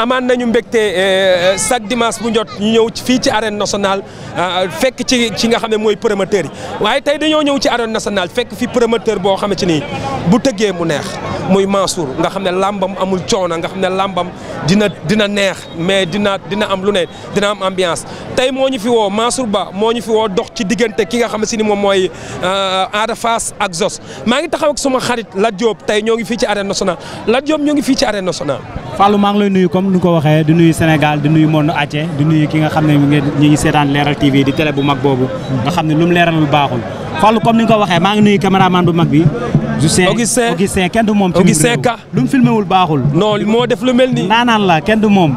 amaan nañu mbégte euh, euh, chaque dimanche bu njot ñu ñëw fii ci arène nationale euh, fekk ci ci nga xam ne mooy promoteur yi waaye tey dañoo ñëw ci arène national fekk fi promoteur boo xam ci nii bu tëggee mu neex muy Mansour nga xam ne làmbam amul coono nga xam ne làmbam dina dina neex mais dina dina am lu ne dina am ambiance tey moo ñu fi woo Mansour Ba moo ñu fi woo dox ci diggante ki nga xam si ni moom mooy Ada Fass ak Zos maa ngi taxaw ak suma xarit Lat Diop tey ñoo ngi fii ci arène nationale Lat Diop ñoo ngi fii ci arène nationale comme ni ko waxee di nuyu Sénégal di nuyu monde entier di nuyu ki nga xam ne ñu ngi seetaan leeral TV di télé bu mag boobu. nga xam ne lu mu baaxul. Fallou comme ni ko waxee maa ngi nuyu caméraman bu mag bi. Augustin Augustin kenn du moom. Augustin Ka lu wul baaxul. non moo def lu mel nii. naanaan la kenn du moom.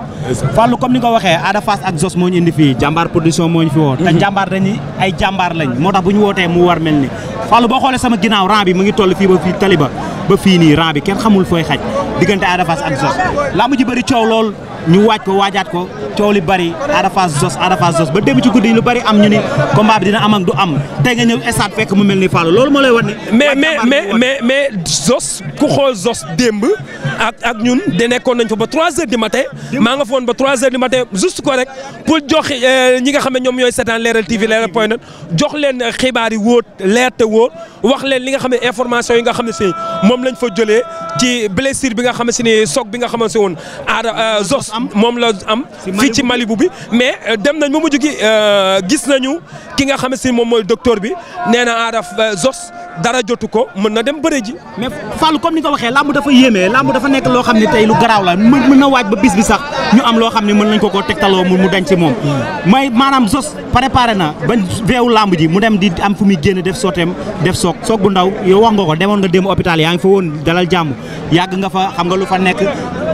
Fallou comme ni ko waxee Ada Fass ak Zos moo ñu indi fii jàmbaar production moo ñu fi woon. te mhm. jàmbaar dañuy ay jàmbaar lañ moo tax bu ñu wootee mu war mel ni Fallou boo xoolee sama ginnaaw rang bi ngi toll fii ba fii taliba ba fii nii rang bi kenn xamul fooy xaj diggante Ada Fass ak Zoss làmb ji bëri coow lool ñu waaj ko waajaat ko coow li bëri Ada Fass Zoss Ada Fass Zoss ba démb ci guddi yi lu bëri am ñu ni combat bi dina am ak du am tey nga ñëw stade fekk mu mel ni Fallou loolu moo lay wan mais mais mais ku xool Zoss démb ak ñun de nekkoon nañ fa ba 3 heures du matin. maa nga foon ba 3 heures du matin juste ko rek pour jox euh, ñi nga xam ñoom ñooy seetaan leeral TV leeral point jox leen xibaar yi wóor leer wax leen li nga xam ne yi nga xam ne si nga nga xam si ne soog bi nga xamante woon aada euh, Zos moom la am fii ci Malibu bi mais euh, dem nañ ba mujj gi euh, gis nañu ki nga xam si moom mooy docteur bi nee na aada Zos dara jotu ko mën na dem bëre ji. mais Fallou comme ni nga ko waxee làmb dafa yéeme làmb dafa nekk loo xam ne tey lu garaaw la mën na waaj ba bis bi sax ñu am loo xam ne mën nañ ko koo tegtaloo mu dañ ci moom. may maanaam sos préparé na ba veewu làmb ji mu dem di am fu muy génn def sooteem def soog soog bu ndaw yow wax nga ko demoon nga dem hôpital yaa ngi fa woon dalal jàmm yàgg nga fa xam nga lu fa nekk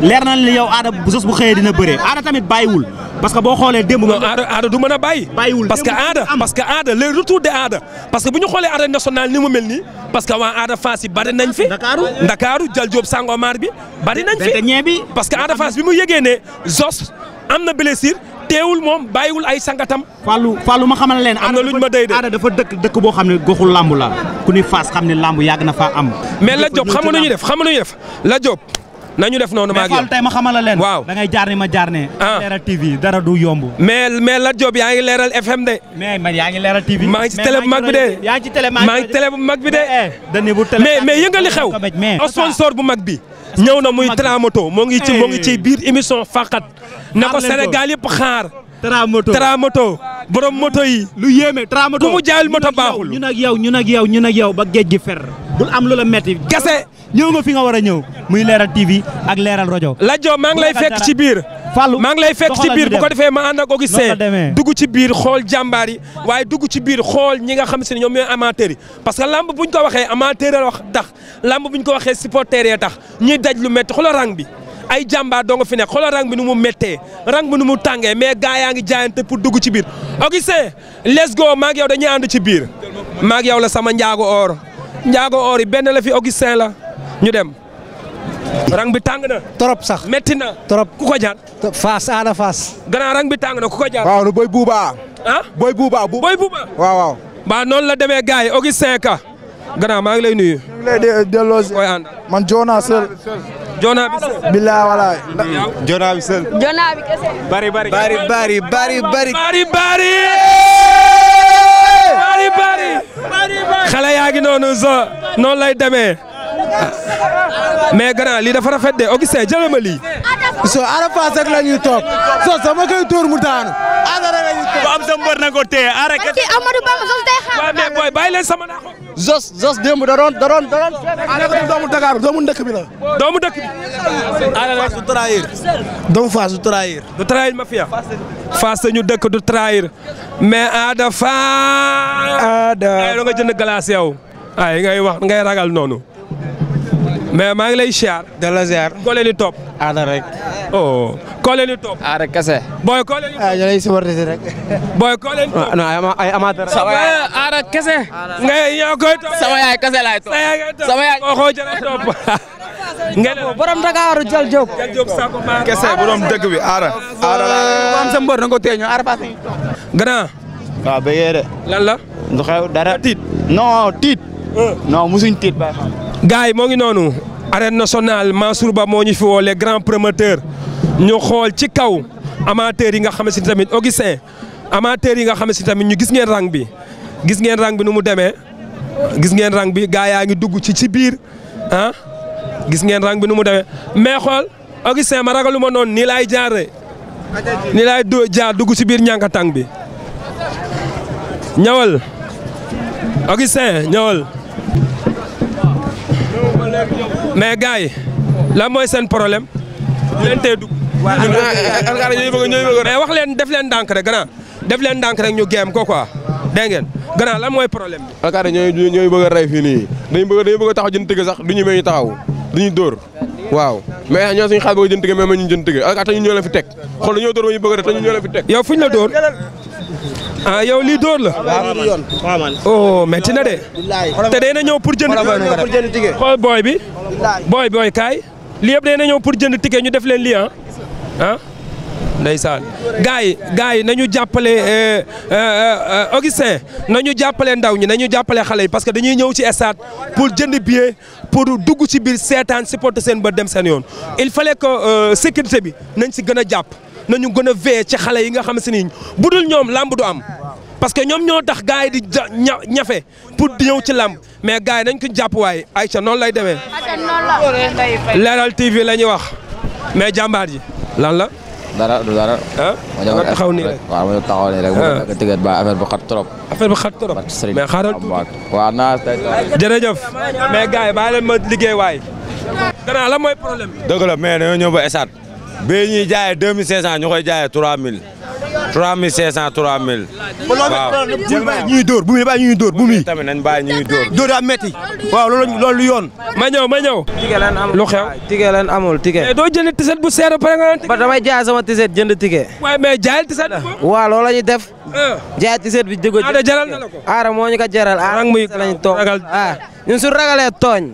leer na yow aada bu sos bu xëyee dina bëre aada tamit bàyyiwul. parce que boo xoolee démb. non aada aada du mën a bàyyi. bàyyiwul parce que aada parce que aada le retour de aada. parce que bu ñu xoolee arène nationale ni mu mel nii parce que waa aada Fass yi bari nañ fi. Ndakaaru Ndakaaru Jal Joob Sangomar bi bari nañ fi. parce que aada Fass bi mu yëgee ne Zos am na blessure teewul moom bàyyiwul ay sangatam. Fallou Fallou ma xamal leen. am na luñ ma day de aada dafa dëkk dëkk boo xam ne goxul làmb la ku ni Fass xam ne làmb yàgg na faa am. mais la Diop xam nga nu def xam nga la Diop nañu def noonu maag yow mais tey ma xamal leen. waaw da ngay jaar ni ma jaar ne. Ah. leeral TV dara du yomb. mais mais Lat Diop yaa ngi leeral FM de. mais man yaa ngi leeral TV. maa ngi ci télé bu mag bi de. yaa ngi ci télé maa ngi télé bu mag bi de. dañu bu télé mais mais yëngali xew. sponsor bu mag bi. ñëw na muy Tramoto moo ngi ci moo ngi ci eh. biir émission faqat na ko Sénégal yëpp xaar. Tramoto Tramoto borom moto yi. lu yéeme Tramoto ku mu jaayul moto baaxul. ñu ak yow ñu ak yow ñun ak yow ba géej gi fer. bul am lu la metti kese ñëw ma fi nga war a ñëw muy leeral TV ak leeral rajo. Ladjo maa ngi lay fekk ci biir. Fallou maa ngi lay fekk ci biir bu ko defee ma ànd ak Augustin dugg ci biir xool jàmbaar yi waaye dugg ci biir xool ñi nga xam si ne ñoom ñooy amateurs yi parce que lamb buñ ko waxee amateur la wax tax lamb buñ ko waxee supporter yee tax ñuy daj lu métti xoolal rang bi. ay jàmbaar doo nga fi nekk xoolal rang bi nu mu méttee rang bi nu mu tàngee mais gaa yaa ngi jaayante pour dugg ci biir Augustin let's go maa ngi yow dañuy ànd ci biir maa yow la sama njaago or njaago or benn la fi Augustin la. ñu dem. rang bi tàng na. trop sax metti na. trop ku ko jaar. faas aada faas. gannaaw rang bi tàng na ku ko jaar. waaw nu booy buubaa. ah booy buubaa bu. booy buubaa waaw waaw. ba noonu la demee gars yi Augustin Ka. gannaaw maa ngi lay nuyu. ñu ngi lay delloo si. man Joona Sël. Joona bi Sël. bilaa walaay. Joona bi Sël. Joona bi kese. bari bari bari bari bari bari. bari bari. bari bari. xale yaa ngi noonu so noonu lay demee. mais grand lii dafa rafet de Augustin jëlal ma lii. so Ada Fass rek la ñuy toog so sama koy tuur mu daanu. bu am sa mbër na ko téye aare. kii Amadou Bamba Zos day xaar. waaw mais booy bàyyi leen sama naa ko. Zos Zos démb da doon da doon da doon. Ada ko doomu Dakar doomu dëkk bi la. doomu dëkk bi. Ada Fass du trahir. doomu Fass du trahir. du trahir mafia. Fass ñu dëkk du trahir. mais Ada Fass. Ada. ay nga jënd glace yow. ay ngay wax ngay ragal noonu. mais maa ngi lay siyaar. da la siyaar. koo leen di topp. aada oh, kese. booy koo leen di topp. Ah, booy koo leen di topp. Ah, non kese. nga yow koy topp. sama yaay kese laay Jal Diop. Jal Diop Sakko maa. bi aada. aada bu am na nga ko téye aada paase. grand. waaw ba yee de. Euh. musuñ tiit gars yi moo ngi noonu arène nationale Mansour Ba moo ñu fi woo le grands promoteurs ñu xool ci kaw amateurs yi nga xam si tamit Augustin amateurs yi nga xam si tamit ñu gis ngeen rang bi gis ngeen rang bi nu mu demee gis ngeen rang bi gars yaa ngi dugg ci ci biir ah gis ngeen rang bi nu mu demee mais xool Augustin ma ragalu ma noonu nii laay jaaree nii laay jaar dugg ci biir ñànkatang bi ñëwal Augustin ñëwal. mais gars yi lan mooy seen problème leen tee dugg. waaw alkaara ñooy bëgg ñooy bëgg mais wax leen def leen ndànk rek grand def leen ndànk rek ñu géem ko quoi dégg ngeen grand lan mooy problème bi. alkaara ñooy ñooy bëgg a rey fii nii dañu bëgg dañu bëgg a taxaw jën tëgg sax du ñu may ñu dóor waaw ma ñu jën tëgg alkaara ñoo la fi teg xool dañoo dóor ma ñu bëgg a te la fi ah yow lii dóor la. waaw lii yoon. oh métti na de. te day na ñëw pour jënd. xool booy bi. booy booy kaay. lii yëpp day na ñëw pour jënd ticket ñu def leen lii ah. ah ndeysaan gars yi gars yi nañu jàppale euh, euh, euh, Augustin nañu jàppale ndaw ñi nañu jàppale xale yi parce que dañuy ñëw ci stade pour jënd billet pour dugg ci biir seetaan supporter seen ba dem seen yoon il fallait que sécurité bi nañ si gën a jàpp. nañu gën a veillé ci xale yi nga xam si ni bu dul ñoom làmb du am parce que ñoom ñoo tax gars yi di ñafe pour di ñëw ci làmb mais gars yi nañ ko jàpp waaye ca noonu lay demee. Leral TV la ñuy wax mais jàmbaar ji lan la. dara du dara. ah ma taxaw nii waaw ma rek. ma tëggat ba affaire bu xat trop. affaire bu xat trop mais xaaral tuuti. gars yi bàyyi leen ma liggéey waay. danaa la mooy problème bi. mais dañoo ñëw ba esaat. bee ñuy jaayee 2500 ñu koy jaayee 3000. 3500 3000. waaw jël ma ñuy dóor bu muy bàyyi ñuy dóor bu muy. tamit nañ bàyyi ñuy dóor. dóor daa métti. waaw loolu loolu yoon. ma ñëw ma ñëw. ticket leen amul lu xew ticket leen amul ticket. mais eh, doo jënd ticket bu seer ba pare nga. ba damay jaay sama ticket jënd ticket. waaye mais jaayal ticket. waaw loolu la ñuy def. Eh. jaay ticket bi dugg. aada jaral na la ko. aada moo ñu ko jaral. aada lañu toog ah, ñun su ragalee tooñ.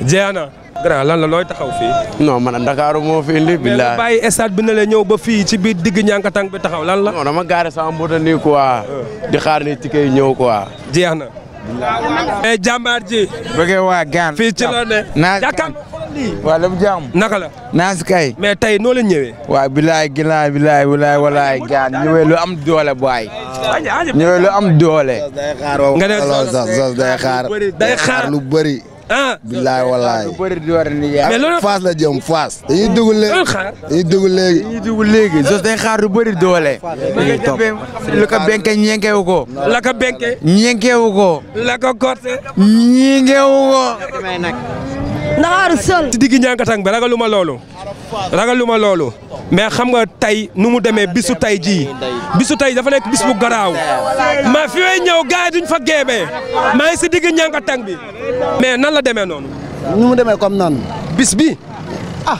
jeex na. grand lan la looy taxaw fii. non man Ndakaaru moo fi indi. billaay mais bàyyi stade bi ne la ñëw ba fii ci biir digg ñànkatang bi taxaw lan la. ma dama gaare sama mboota nii quoi. di xaar ni ticket yi ñëw quoi. jeex na. mais jàmbaar ji. bëggee waa gaan fii ci la ne. naa waaw lépp jàmm. naka la. naas kay. mais tey noole leen waa waaw bilaay gilaay bilaay walaay walaay gaan ñëwee lu am doole baay. ñëwee lu am doole. nga ah bilaay walaay mais loolu faas la jëm faas. dañuy ah. dugg léegi dañuy dugg léegi. dañuy dugg léegi jos day xaar lu bëri doole. dañuy topp lu ko benke ñeenkewu ko. la ko benke ñeenkewu ko. la ko korte ñeenkewu ko. Ndakaaru seul. ci digg ñànkatang bi ragaluma loolu ragaluma loolu mais xam nga tey nu mu demee bisu tey jii bisu tey dafa nekk bis bu garaaw ma fi may ñëw gars duñ fa geebee maa ngi si digg ñànkatang bi mais nan la demee noonu. nu mu demee comme noonu bis bi. ah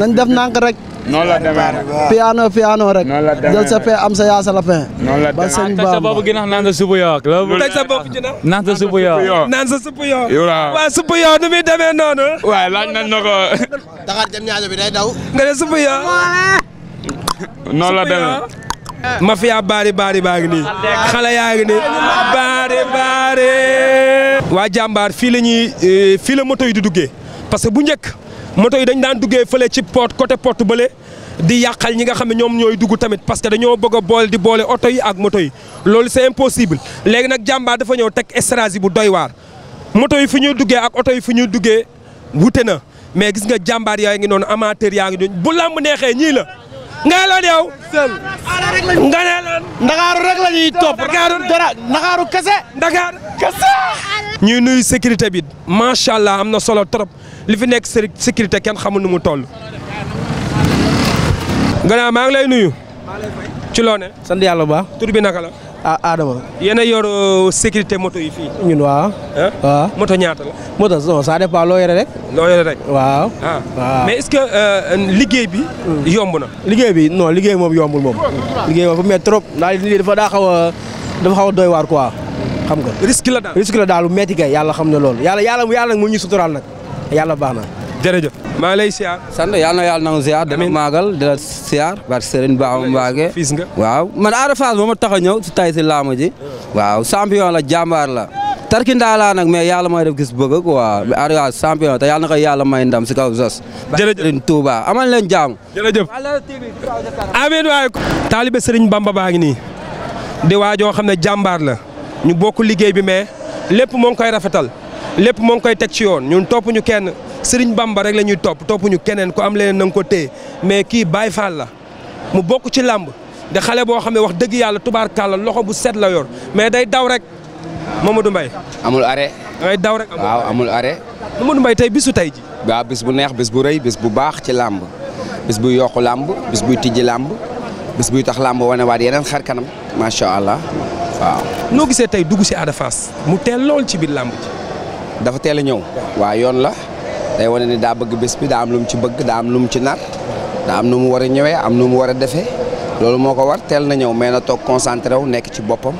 nañ def nànk rek. noonu la demee piano piano rek. noonu sa pain am sa yaa sa lapin. noonu la demee ba sëñ Ba ma gi naan sa suupu yoo. loolu teg sa bopp noonu. waaw laaj nañ na ko. Dakar jëm ñaajo bi day daw. nga ne suupu yoo. noonu la demee. mafia baari baari baa ngi nii xale yaa ngi nii baari baari waa jàmbaar fii la ñuy eh, fii la moto yi di duggee parce que bu njëkk moto yi dañ daan duggee fële ci pot côté pot bële di yàqal ñi nga xam ne ñoom ñooy dugg tamit parce que dañoo bëgg boole di boole oto yi ak moto yi loolu c'est impossible léegi nag jàmbaar dafa ñëw teg stratégie bu doy waar moto yi fu ñuy duggee ak oto yi fu ñuy duggee wute na mais gis nga jàmbaar yaa ngi noonu amateur yaa ngi doon bu làmb neexee ñii la. nga lan yow. Seul nga ne lan. Ndakaaru ñuy topp. Ndakaaru kese. Ndakaaru kese. ñuy nuyu sécurité bi macha allah am na solo trop li fi nekk sécurité kenn xamul nu mu toll. gannaaw maa ngi lay nuyu. ci loo ne. sant yàlla bu baax bi naka la. ah Adama. yéen a yor euh, sécurité moto yi fi ñun waaw. moto ñaata la. moto non ça dépend loo yore rek. loo yore rek. waaw. Ah. waaw mais euh, liggéey bi. Hmm. yomb na. liggéey bi non liggéey moom yombul moom. liggéey moom fu mu trop. daal lii dafa daa xaw a xaw a doy waar quoi xam nga. risque la daal risque la daal lu métti kay yàlla xam ne loolu yàlla yàlla yàlla mu ñu suturaal nag yàlla baax jërëjëf maa lay siyaar. na yàlla nangu siyaar. amiin maagal di la siyaar. barke Serigne Bamba Mbacké waaw man Ada Fass moo ma tax a ñëw si tay si laama ji. waaw champion la jàmbaar la. tarki ndaa laa nag mais yàlla mooy def gis bëgg quoi Ada Fass champion te yàlla na ko yàlla may ndam si kaw Zoss. jërëjëf Serigne Touba leen jaamu. jërëjëf. amiin waay. taalibe Serigne Bamba baa ngi nii di waajoo xam ne jàmbaar la ñu bokk liggéey bi mais lépp moo ngi koy rafetal lépp moo ngi koy teg ci yoon ñun topp ñu kenn Serigne bàmba rek la ñuy topp topp ñu keneen ku am leen na ko téye mais kii Baye Fall la mu bokk ci làmb de xale boo xam ne wax dëgg yàlla tubaarkàlla loxo bu set la yor mais day daw rek du mbay amul arrêt day daw rek waaw amul arrêt Mamadou mbay tey bisu tey ji waa bis bu neex bis bu rëy bis bu baax ci làmb bis buy yokku làmb bis buy tijji làmb bis buy tax làmb wane waat yeneen xar kanam macha allah waaw noo gisee tey dugg si Ada mu teel lool ci biir làmb dafa teel a ñëw waaw yoon la day wane ni daa bëgg bés bi daa am lu mu ci bëgg daa am lu mu ci nar daa am nu mu war a ñëwee am nu mu war a defee loolu moo ko war teel na ñëw mais na toog concentré wu nekk ci boppam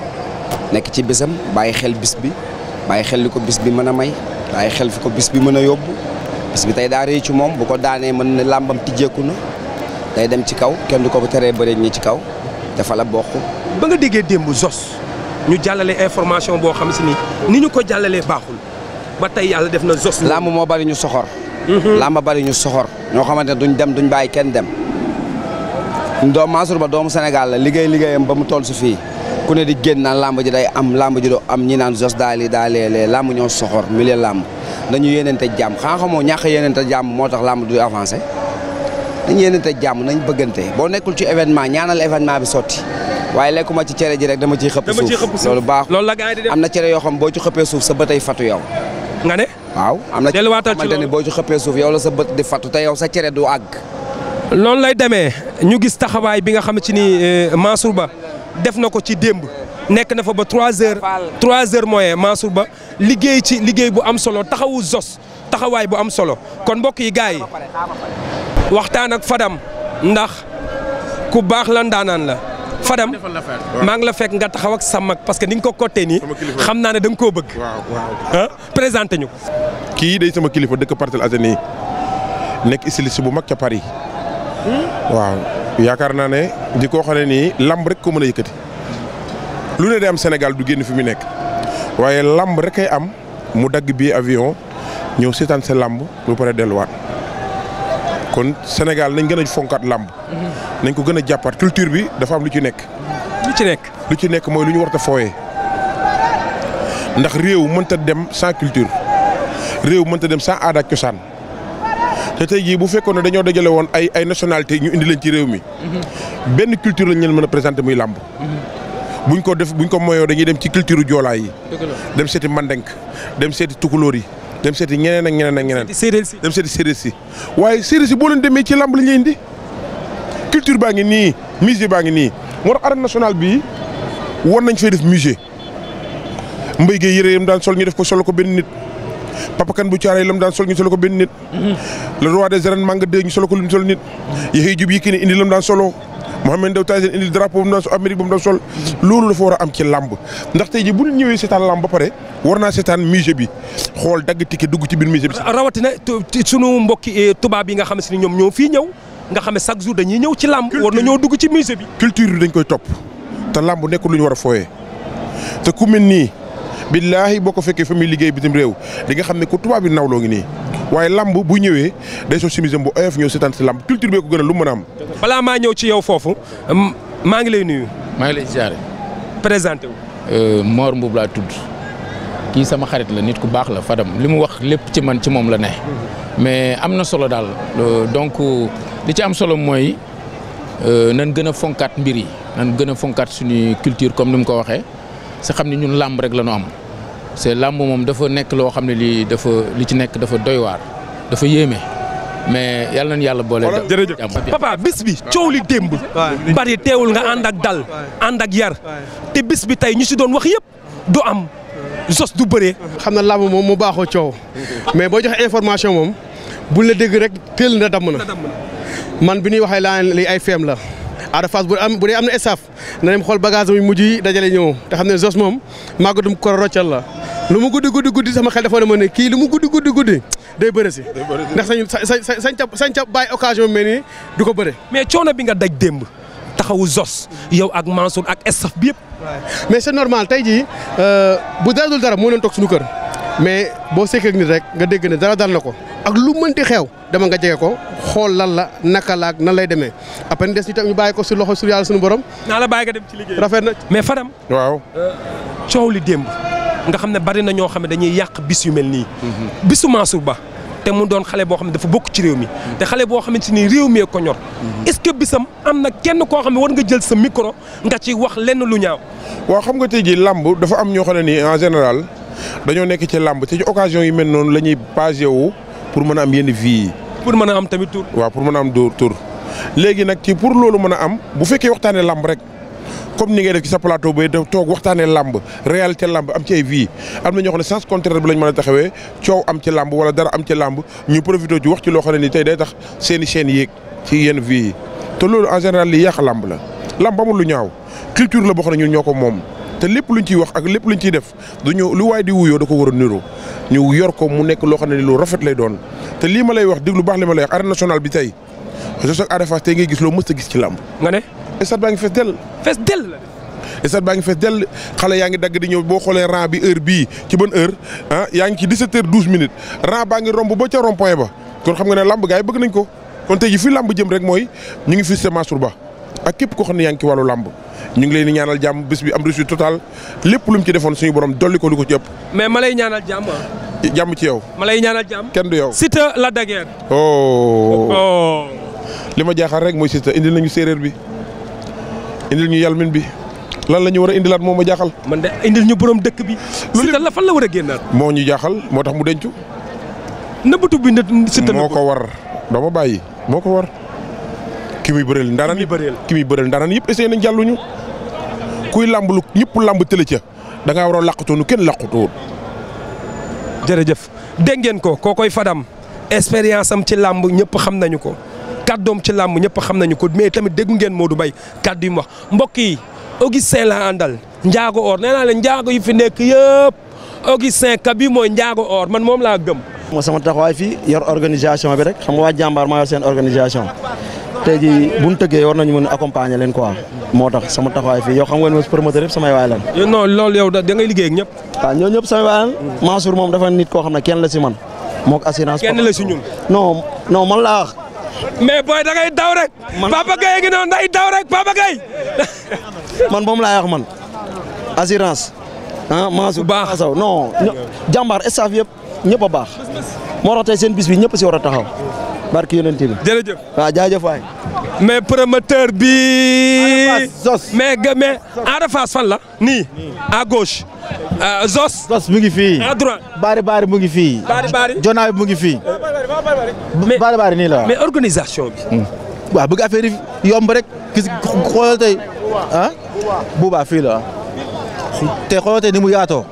nekk ci bésam bàyyi xel bis bi bàyyi xel li ko bis bi mën a may bàyyi xel fi ko bis bi mën a yóbbu bis bi tey daa rëy ci moom bu ko daanee mën na làmbam tijjeeku na day dem ci kaw kenn du ko bu teree bëri ñi ci kaw dafa la bokk. ba nga déggee démb Zos ñu jàllale information boo xam si ni ni ñu ko jàllalee baaxul. ba tey yàlla def na zos. làmb moo bari ñu soxor. Mhm. làmb bari ñu soxor. ñoo xamante ne duñ dem duñ bàyyi kenn dem. doom Mansour Ba doomu Sénégal la liggéey am ba mu toll su fii ku ne di génn naan làmb ji day am làmb ji doo am ñu naan jos daal di daal lee làmb ñoo soxor milieu làmb dañu yéeneente jàmm xam-xam moo ñàkk yéeneente jàmm moo tax làmb du avancé dañu yéeneente jàmm nañ bëggante boo nekkul ci événement ñaanal événement bi sotti waaye lekkuma ci cere ji rek dama ciy xëpp suuf loolu baax am na cere yoo xam boo ci xëppee suu sa ba tey fatu yow nga ne. waaw am na ci xamante ni boo ci xëppee suuf yow la sa bët di fattu te yow sa cere du àgg. loolu lay demee ñu gis taxawaay bi nga xam ci ni euh, Mansour Ba def na ko ci démb nekk na fa ba 3 heures 3 heures moyen Mansour Ba liggéey ci liggéey bu am solo taxawu zos taxawaay bu am solo kon mbokk yi gars yi waxtaan ak Fadam ndax ku baax lan daanaan la. Fadam maa ngi la fekk nga taxaw ak sa mag parce que ni nga ko cottee nii xam naa ne da nga koo bëgg. ah ñu ko. kii day sama kilifa dëkk Parcelles Assainies nekk styliste bu mag ca Paris. Hmm? waaw yaakaar naa ne di ko xam ne nii lamb rek ko mën a yëkkati. lu ne day am Sénégal du génn fi muy nekk waaye làmb rek ay am mu dagg bi avion ñëw seetaan see lamb bu pare delluwaat. kon Sénégal nañ gën a fonkaat làmb nañ ko gën a jàppaat culture bi dafa am lu ci nekk. lu ci nekk lu ci nekk mooy lu ñu war a fooyee ndax réew mënta dem sans culture réew mënta dem sans aada ak cosaan te tey jii bu fekkoon ne dañoo dajale woon ay ay nationalité ñu indi leen ci réew mi. benn culture lañ leen mën a présenté muy làmb. buñ ko def buñ ko moyoo dañuy dem ci culture joolaa yi. dem seeti mandenk dem seeti tukulóor yi. dem seeti ñeneen ak ñeneen ak ñeneen. dem séeréer si waaye séeréer si boo leen demee ci lamb la ñuy indi culture baa ngi nii musée baa ngi nii moo tax arène nationale bii war nañ fay def musée mbéy gi yëre yam daan sol ñu def ko solo ko benn nit papa kan bu caaree lam daan sol ñu solo ko benn nit. Mhm. le roi des arènes Manga 2 ñu solo ko lu ñu solo nit. Yéhi Jub Yékini indi lam daan solo. Mouhamed Ndao Tyson indi drapeau bu mu doon Amérique bu mu doon sol loolu dafa war a am ci làmb ndax tey ji bu ñëwee seetaan làmb ba pare war naa seetaan musée bi xool dagg ticket dugg ci biir musée bi. rawatina sunu mbokki eh, tubaab yi nga xam si ne ñoom ñoo fii ñëw nga xam ne chaque jour dañuy ñëw ci làmb. war na ñoo dugg ci musée bi. culture bi dañ koy topp te làmb nekkul lu ñu war a fooyee te ku mel nii billaahi boo ko fekkee fa liggéey bi bitim réew di nga xam ne ko tubaab yi nawloo ngi nii waaye lamb bu ñëwee day so chemise bu oyof ñëw seetaan si lamb culture bee ko gën a lu mën a am. balaa maa ñëw ci yow foofu maa ngi lay nuyu. maa ngi lay ziare. présenté wu. Euh, Mor Mbuub laa tudd kii sama xarit la nit ku baax la Fadam li mu wax lépp ci man ci moom la ne. mais am na solo daal euh, donc li ci am solo mooy euh, nan gën a fonkaat mbir yi nan gën a fonkaat suñu culture comme ni mu ko waxee sa xam ni ñun làmb rek la ñu am. c'est làmb moom dafa nekk loo xam ne lii dafa li ci nekk dafa doy dafa yéeme mais yal nañu yàlla boole. jërëjëf papa bis bi coow li démb. bari teewul nga ànd ak dal. ànd ak yar. te bis bi tey ñu si doon wax yëpp du am. sos du bëree. xam na làmb moom mu baaxoo coow mais boo joxee information moom buñ la dégg rek teel na damm na man bi ñuy waxee laa li ay feem la. Ada Fass bu am bu dee am na staff na xool bagage yu mujj yi dajale ñëw xam ne Zoss moom màggatum ko roccal la lu mu guddi guddi guddi sama xel dafa ne kii lu mu guddi guddi guddi day bëre si ndax sañ sañ sañ sañ ca bàyyi occasion mel ni du ko bëre mais coono bi nga daj démb taxawu Zoss yow ak Mansour ak staff bi yëpp mais c'est normal tey jii euh, bu dara dul dara moo leen toog suñu kër mais boo sekkee ak nit rek nga dégg ne dara dal na ko ak lu mënti xew demal nga jege ko xool lan la naka la ak nan lay demee après des itam ñu bàyyi ko si loxo su yàlla suñu borom. naa la bàyyi nga dem ci liggéey rafet na mais Fadam. waaw euh, coow li démb nga xam ne bari na ñoo xam ne dañuy yàq bis yu mel nii. Mhm. bisu Mansour Ba te mu doon xale boo xam ne dafa bokk ci réew mi. Mhm. te xale boo xamante ni réew mi ko ñor. Mhm. est-ce que bisam am na kenn koo xam ne war nga jël sa micro nga ci wax lenn lu ñaaw. waaw xam nga tey jii làmb dafa am ñoo xam ne nii en général dañoo nekk ci làmb te ci occasion yi mel noonu la ñuy basé wu pour mën a am yenn vie yi. pour mën a am tamit tur. waaw pour mën a am tur léegi nag ci pour loolu mën a am bu fekkee waxtaanee lamb rek comme ni ngay def ci sa plateau bay def toog waxtaanee lamb réalité lamb am ci ay vie am na ñoo xam ne sens contraire bi lañ mën a taxawee coow am ci làmb wala dara am ci làmb ñu profité ci wax ci loo xam ne tey day tax seeni i chaîne yéeg ci yenn vie yi te loolu en général li yàq làmb la lamb amul lu ñaaw culture la boo xam ne ñun ñoo ko moom. te lépp lu ñu ciy wax ak lépp luñ ciy def du ñu lu waay di wuyoo da ko war a niroo ñu yor ko mu nekk loo xam ne lu rafet lay doon te lii ma lay wax déglu baax li ma lay wax arène nationale bi tey je sais que Ada gis loo mës a gis ci làmb. nga ne. stade baa ngi fees dell. fees la. stade baa ngi fees dell xale yaa ngi dagg di ñëw boo xoolee rang bi heure bii ci ban heure ah yaa ngi ci 17 heures 12 minutes rang baa ngi romb ba ca rond ba kon xam nga ne làmb gars yi bëgg nañ ko kon tey ji fi làmb jëm rek mooy ñu ngi fi Mansour Ba ak képp koo xam yaa ngi ci wàllu làmb ñu ngi leen di ñaanal jàmm bés bi am réussite totale lépp lu mu ci defoon suñu borom dolli ko lu ko ci mais ma lay ñaanal jàmm ah. jàmm ci yow. ma lay ñaanal jàmm kenn du yow. Siteu la dageer. Oh. Oh. li ma jaaxal rek mooy Siteu indi nañu séeréer bi indi ñu yalmin bi lan la ñu war a indilaat moom ma jaaxal. man de indil ñu borom dëkk bi. Siteu la fan la war a génnaat. moo ñu jaaxal moo tax mu dencu. nëbbatu bi nit Siteu moo ko war doo ma bàyyi moo ko war. ki muy bëreel ndaran ki muy bëreel ndaran yëpp essayé nañ jàlluñu kuy làmb lu ñëpp làmb tële ca da ngaa war a kenn làqatoon. jërëjëf dégg ngeen ko kookoy Fadam expérience am ci làmb ñëpp xam nañu ko kàddoom ci làmb ñëpp xam nañu ko mais tamit dégg ngeen Modou Mbaye kàddu yi mu wax mbokk yi Augustin la àndal njaago or nee naa leen njaago yi fi nekk yëpp Augustin ka bi mooy njaago or man moom laa gëm. moo sama taxawaay fi yor organisation bi rek xam nga waa jàmbaar maa yor seen tey jii bu ñu tëggee war nañu mën a accompagner leen ko moo tax sama taxawaay fii yow xam ngeen ne promoteur yëpp samay waay lan. non loolu yow da ngay liggéey ak ñëpp. waaw ñoo ñëpp samay waay lan. Mansour moom dafa nit koo xam ne kenn la si man mook assurance. kenn la si ñun. non non man laa wax. mais booy da ngay daw rek. man Papa Gueye ngi noonu day daw man moom laay wax man assurance. ah Mansour baax saw non. jàmbaar staff yëpp ñëpp a baax. moo tax tey seen bis bi ñëpp si war a taxaw. barki yonent bi jërëjëf waaw jaajëf waay mais promoteur bi Zos mais mais Ada Fass fan euh, mu ngi fii à Bari Bari mu ngi fii Bari mu ngi fi Bari Bari nii la waaw mais bi hmm. waaw bëgg yi yomb rek gis xoolal tey ah? la te xoolal ni mu yaatoo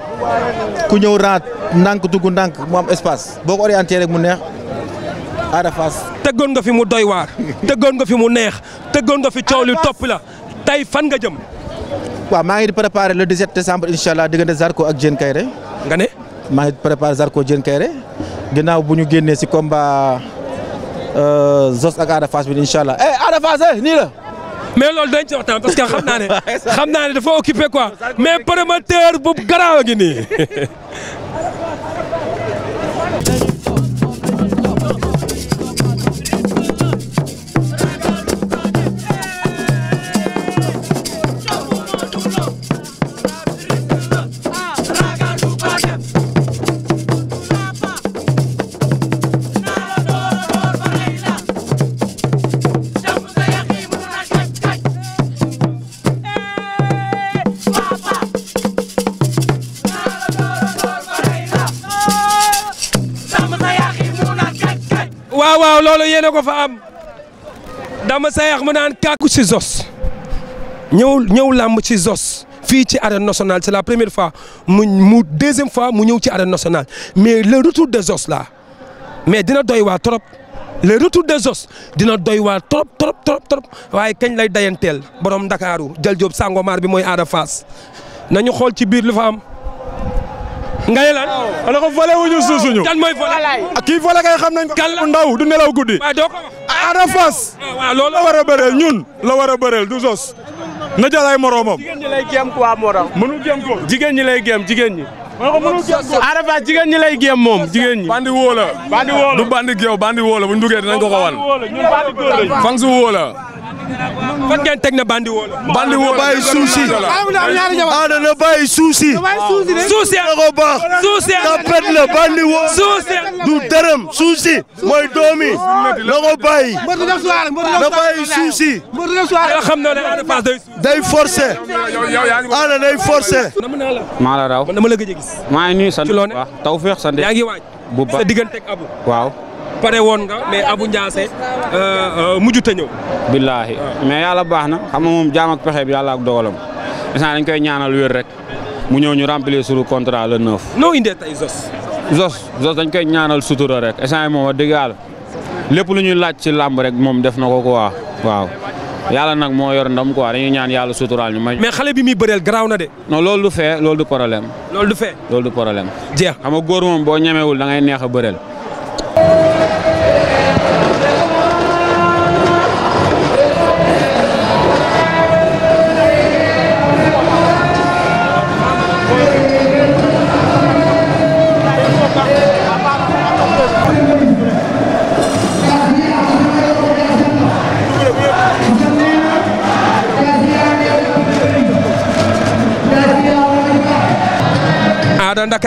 ku ñëw raat ndànk dugg ndànk mu am espace boo ko mu neex Ada Fass tëggoon fi mu doy waar tëggoon nga fi mu neex tëggoon nga fi coow li topp la tey fan nga jëm. waaw maa ngi di préparé le 17 décembre incha allah diggante Zarko ak Diène Kairé. nga ne. maa ngi préparé ginnaaw bu ñu génnee si combat euh, Zos ak Ada Fass bi incha allah eh Ada Fass eh nii la. mais loolu dañ ci waxtaan parce que xam naa ne xam naa ne dafa occupé quoi mais promoteur bu garaaw a ngi waaw waaw loolu yéena ko fa am dama sayax mu naan kàkku si Zoss ñëw ñëw làmb ci Zoss fii ci arène nationale c'est la première fois mu mu deuxième fois mu ñëw ci arène nationale mais le retour de Zoss la mais dina doy waa trop le retour de Zoss dina doy waar trop trop trop trop waaye kañ lay dayanteel borom Ndakaaru jël joob sangomar bi mooy Ada Fass nañu xool ci biir lu fa am. nga ne lan. waaw kon volé wu ñu suuf suñu. kan mooy ah, volé. kay xam nañ kan ndaw du nelaw guddi. waaw doo ko ah, ah, la war a bëreel ñun. la war a bëreel du sos. na jël ay moroomam. jigéen ñi lay géem quoi morom. mënul géem jigéen ñi lay géem jigéen ñi. Ada Fass ñi lay géem moom jigéen ñi. bandi wóola. bandi wóola du bandi géew bandi wóola bu ñu duggee dinañ ko ko wan. fan su fan ngeen teg na bandi woo la. bandi woo bàyyi suuf si. aada na bàyyi suuf si. suuf na ko baax. suuf si la bandi woo. suuf si du dërëm suuf si mooy doomi na ko na bàyyi suuf day. day aada day forcé. maa raw. man dama la gëj a sa digganteeg waaw. pare woon nga mais abu Ndiassé euh, euh, mujjut a ñëw. billaahi mais yàlla baax na xam nga moom jaam ak pexe bi yàlla ak dogalam. instant dañ koy ñaanal wér rek mu ñëw ñu remplir suru contrat le 9. noo indee tey Zos. Zos dañ koy ñaanal suturo rek instant yi moom wax dëgg yàlla lépp lu ñuy laaj ci làmb rek moom def na ko quoi waaw. yàlla nag moo yor ndam quoi dañuy ñaan yàlla suturaal ñu may. mais xale bi muy bëreel garaaw na de. non loolu du fee loolu du problème. loolu du fee. loolu du problème. jeex xam nga góor moom boo ñemewul da ngay neex a bëreel.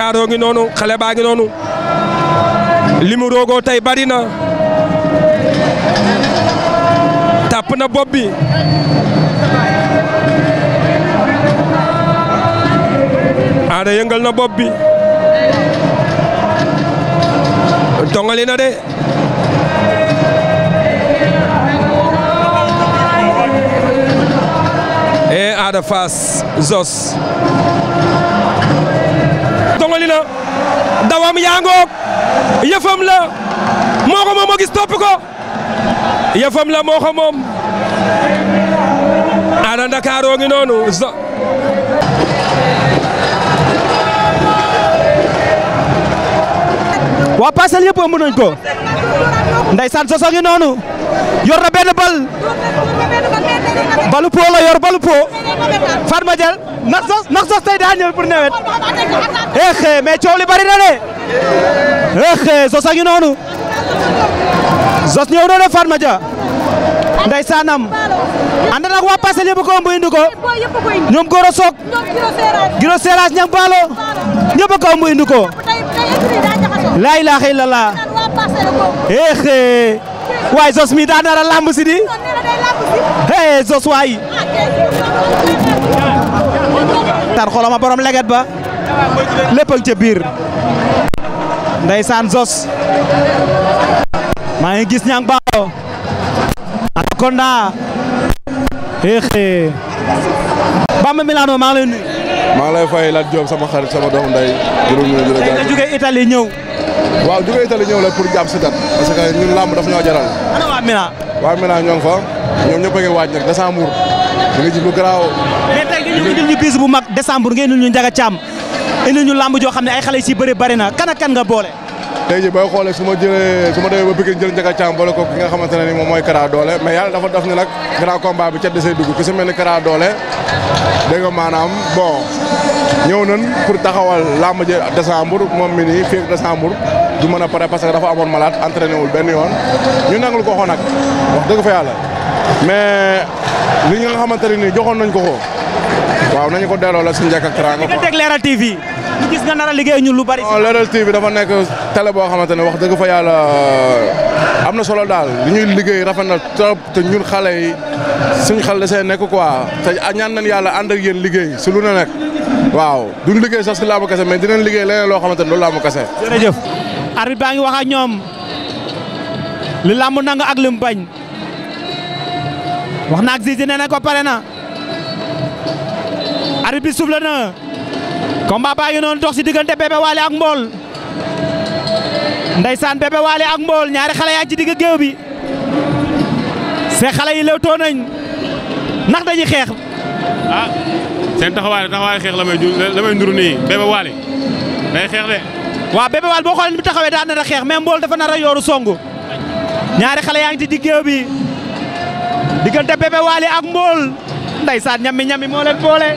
Ndakaaroo ngi noonu xale baa ngi noonu li roogoo tey bari na tàpp na bopp bi aada yëngal na bopp bi dongali na de e eh, aada Fass Zos na dawam yaa ngoog yëfam la moo ko moom moo gis topp ko yëfam la moo ko moom ana Ndakaaroo ngi noonu waa Parcelles yëpp ëmb nañ ko ndeysaan soso ngi noonu yor na benn bal balu la yor balu po Fatma Dial nax sos nax sos tey daa ñëw pour nawet exe mais coow li bari na de exe Zos a Zos ñëw na de Fatma Dia ndeysaanam ànd nag waa Parcelles yëpp ko ëmb indi ko ñoom Goro Sock Giro Baalo ñëpp ko ëmb indi ko laa ilaaha illallah Zos mi daa nar a di hey Zos waay tar xolama borom leget ba lépp ak ca biir ndeysaan Zos maa ngi gis ñang baaw Anaconda xeexe Bamba Milano maa ngi lay nuyu maa ngi lay fay Lat Diop sama xarit sama doom nday juróom ñu jula nga jógee Italie ñëw waaw jógee Italie ñëw la pour jàpp si dat parce que ñun làmb daf ñoo jaral ana waa Mina waa Mina ñoo ngi fa ñoom ñëpp a ngi waaj nag décembre ñu lu garaaw mais tey nga ñëw indil ñu bis bu mag décembre ngeen indil indi ñu làmb joo xam ne ay xale si bëri bëri na kan kan nga boole. tey jii booy xoolee su ma jëlee su ma demee ba Pikine jël Ndiaga boole ko ki nga xamante ne moom mooy Kara Dollé mais yàlla dafa def ni nag grand combat bi ca desee dugg ku si ni Kara Dollé dégg maanaam boo ñëw nañ pour taxawal làmb ji décembre moom mi nii fii décembre du mën a pare parce que dafa amoon malaat entraîné wul benn yoon ñu nangul ko ko nag wax dëgg fa mais li nga xamante ne nii joxoon nañ ko ko waaw nañu ko delloo la si nga teg ñu gis nga nar liggéey ñu lu bari. non Leral TV dafa nekk télé boo xamante ne wax dëgg fa yàlla euh, am na solo daal li ñuy liggéey rafet na trop te ñun xale yi suñ xel da see nekk quoi te ñaan nañ yàlla ànd ak yéen liggéey si lu ne nekk waaw duñ liggéey sax si laamu kese mais dinañ liggéey leneen loo xamante ne loolu laamu kese. jërëjëf. arbitre baa ngi wax ak ñoom li làmb nangu ak lim bañ wax na ak Zizi nee na ko pare na arbitre bi na. combat baa ngi noonu dox ci diggante Bébé Waly ak Mbool ndeysaan Bébé Waly ak Mbool ñaari xale yaa ci digg bi se xale yi lewtoo nañ ndax dañuy xeex ah seen taxawaay taxawaay xeex la may la may nduru nii Bébé Waly day xeex de waaw Bébé Waly boo xoolee ni bu taxawee daa nar xeex mais Mbool dafa nar a yooru songu ñaari xale yaa ngi ci digg géew bi diggante Bébé Waly ak Mbool ndeysaan saan ñammi moo leen boole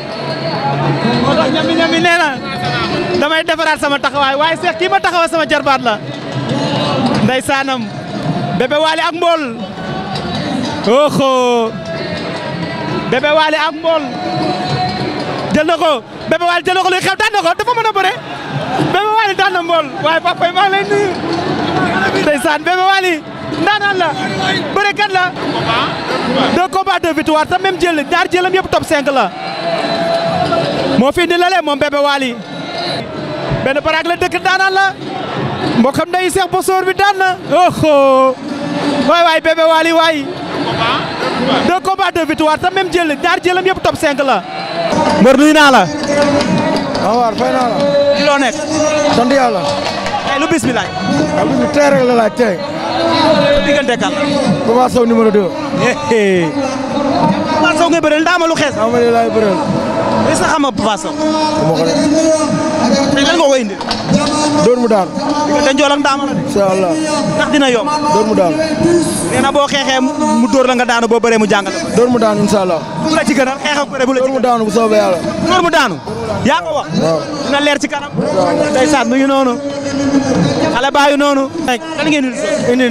moo tax damay defaraat sama taxawaay waaye Seex kii ma taxawal sama jarbaat la saanam Bébé Waly ak Mbool oho Bébé Waly ak Mbool jël na ko Bébé Waly jël na ko luy xew daan na ko dafa mën a bëre Bébé Waly daan na Mbool waaye papa yi maa ngi lay nuyu ndeysaan Bébé la bërekat la deux combats deux victoires te même jël ñaar jëlam yëpp top la moo fi indi lale moom Bébé Waly benn baraag la dëkk daanaan la mbokkam ndeyu Seex Bosoor bi daan na oh waay waay Bébé Waly waay. deux combats deux victoires te même jël ñaar top 5 la. Mbër nuyu naa la. waaw waaw fay naa la. li loo nekk. sant yàlla. lu bis bi laaj. waaw bis bi tey rek la laaj lu xees. waaw man de laay est-ce que xam nga bu ma ko def. mu daal. te dina yomb. dóor mu daal. nee na boo xeexee mu dóor la nga daanu boo bëree mu jàngal. dóor mu daanu incha allah. bu la ci gën a xeex ak ci gën a. dóor mu daanu bu soobee yàlla. dóor mu daanu. yaa ko wax. waaw leer ci kanam. waaw ndeysaan mi ngi noonu. xale baayu noonu. rek lan ngeen indi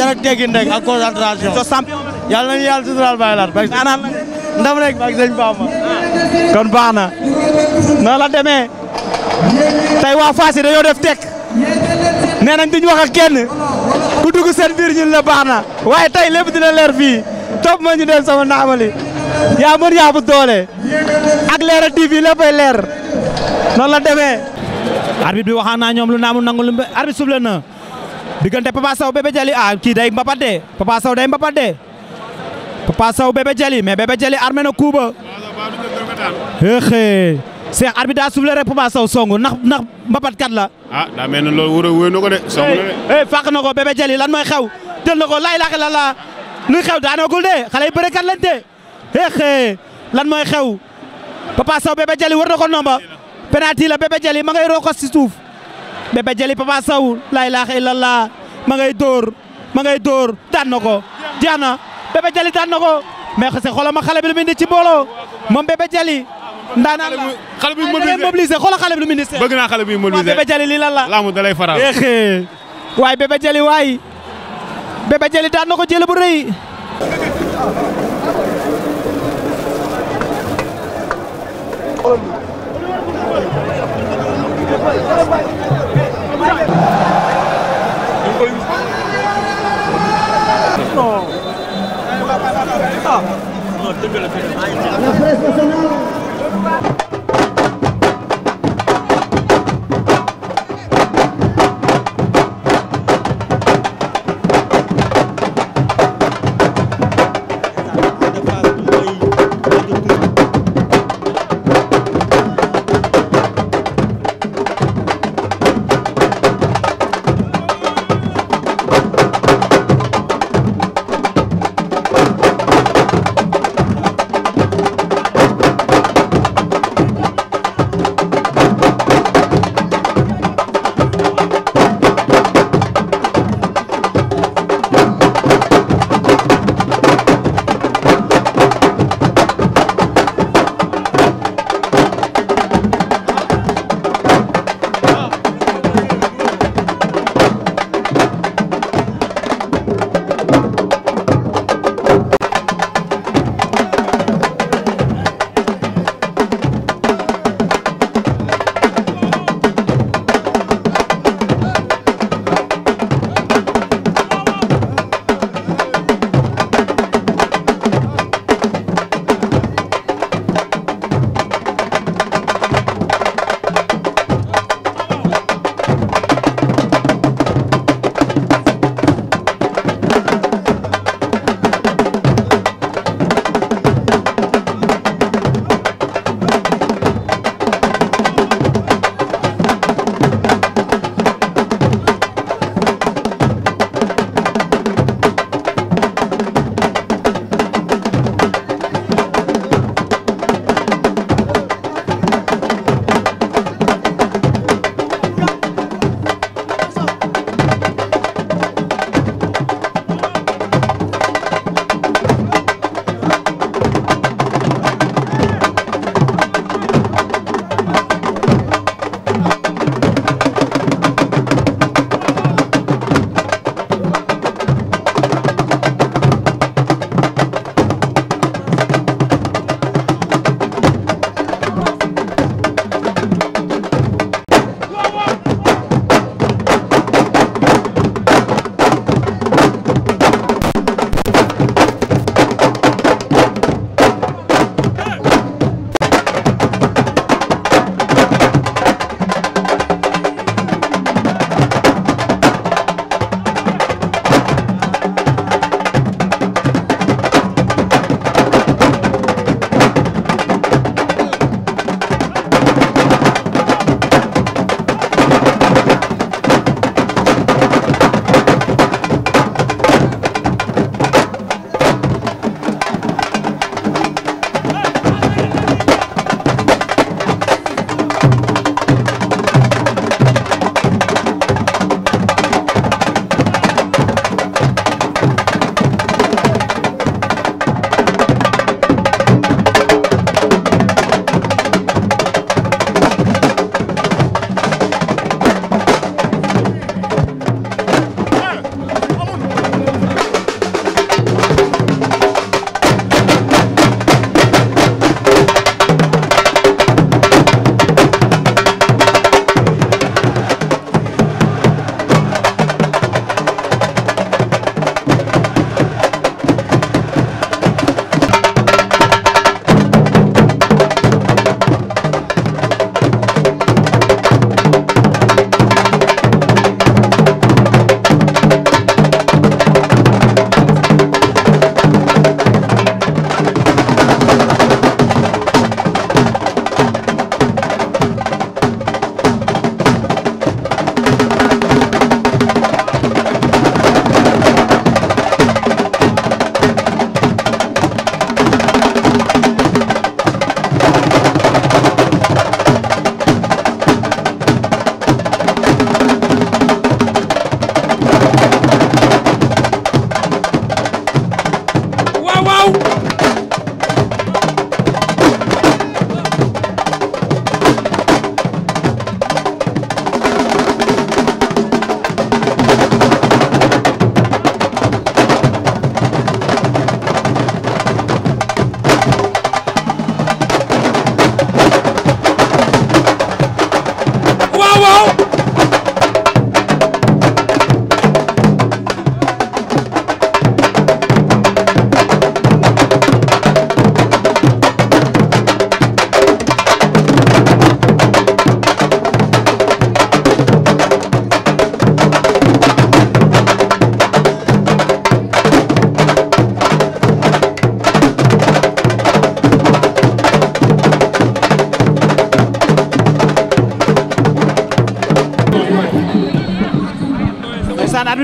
rek ak concentration. soo champion. yàlla kon baax na noonu la demee tey waa Fass yi def tek nee nañ wax ak kenn ku dugg seen ñun la baax waaye tey lépp dina leer fii topp ma ñu dem sama naamali yaa mën yaa bu doole ak Leral TV léppay leer noonu la demee. arbitre bi waxaan naa ñoom lu naamu nangu lu arbitre suuf la na diggante Papa Sow Bébé Dialy ah kii day mbapat de Papa Sow day mbapat de Papa Sow Bébé Dialy mais kuuba xëxë Cheikh arbitre daa soufflé rek Papa Sow songu ndax ndax mbapat kat la. ah daa mel ni loolu wóor wóor na ko de. songu na de eh fàq na ko xew jël na ko laay laaxi la la luy xew daanagul de xale yi bëre kat lañ de xëxë xew Papa Sow bébé jëli war na ko nomba penalty la bébé jëli rookos si suuf bébé jëli Papa Sow laay laaxi la la ma ngay dóor ma ngay dóor daan na ko jeex daan na ko mais xase ma xale bi lu mu ci mbooloo. moom Bébé Dialy. ndaanaan la xale bi xale bi mobilisé xoolal xale bi lu ministère. bëgg naa xale bi mobilisé waaw la. laamu dalay faral. Eh, eh. waaye Bébé Dialy waay Bébé Dialy daan na ko jël bu rëy. dëgg la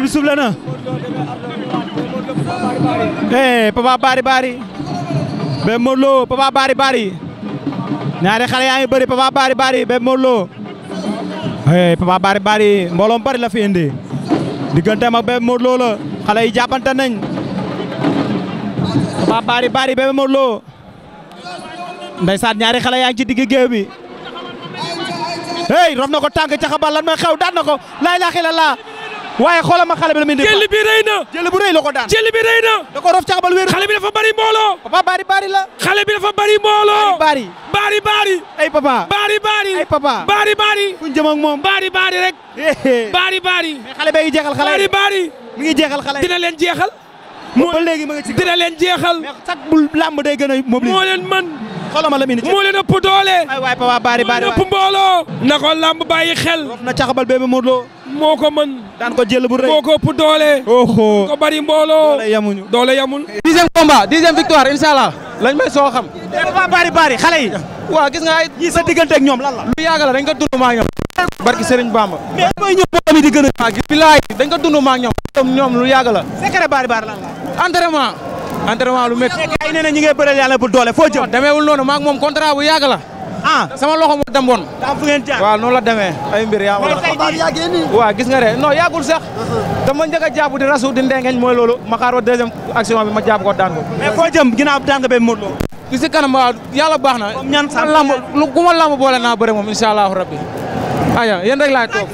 bi suuf la na eh Papa Bari Bari Bébé Modou Papa Bari Bari ñaari xale yaa ngi Papa Bari Bari Bébé Modou Lo eh Papa Bari Bari mbooloom bari la fi indi digganteem ak la xale yi jàppante nañ Papa Bari Bari Bébé Modou Lo ndeysaan ñaari xale yaa ci digg géew bi hey rof na ko tànk caxabal lan mooy xew daan na ko laa ilaaha illallaah waaye xoolal ma xale bi la muy déglu jël bi rëy na. jël bu rëy la ko daan jël bi rëy na. da ko rof caxabal wéeru. xale bi dafa bari mbooloo. papa bari bari la. xale bi dafa bari mbooloo. bari bari bari. ay papa. bari bbari. ay papa. bari bari. kuñ jëm ak moom. bari bari rek. bari bari. mais xale bee ngi jeexal xale bari bari. mi ngi jeexal xale dina leen jeexal. moo ba léegi ma nga ci dina leen jeexal. mais sax bu làmb day gën a mobiliser. moo leen mën. xoolal ma la mini moo leen ëpp doole. waay waay papa bari bari waay moo leen ëpp mbooloo. na ko làmb bàyyi xel. rof na caxabal bébé Modou Lo moo ko man daan ko jël bu rëy moo ko ëpp doole. oho ko bari mbooloo doole yamuñu doole yamul. dixième combat dixième victoire incha lañ may soo xam. dafa eh, bari bari xale yi. waaw gis nga ay. ñii sa diggante ak ñoom la. lu yàgg la dañ ko dund maa ñoom. barki Serigne Bamba. mais mooy ñoom boo xam a. bilaay dañ ko dund maa ñoom. ñoom lu yàgg la. secret bari bari lan la. entraînement. entraînement lu métti. gars yi nee na ñu ngi bëre yàlla doole foo jëm. demeewul noonu maa moom contrat bu yàgg ah sama loxo moo damboon. daa fu la demee ay mbir yaa war gis nga de non yàggul sax. dama njëkk a jàpp di rasu di ndengeñ mooy loolu ma xaar ba deuxième action bi ma jàpp ko daan ko. mais foo jëm ginnaaw daan nga ba mu mën kanam waaw yàlla baax na. comme ñan sànq lamb lu ku lamb boole naa bëre moom incha allahu rabbi. aywa yéen rek laay toog.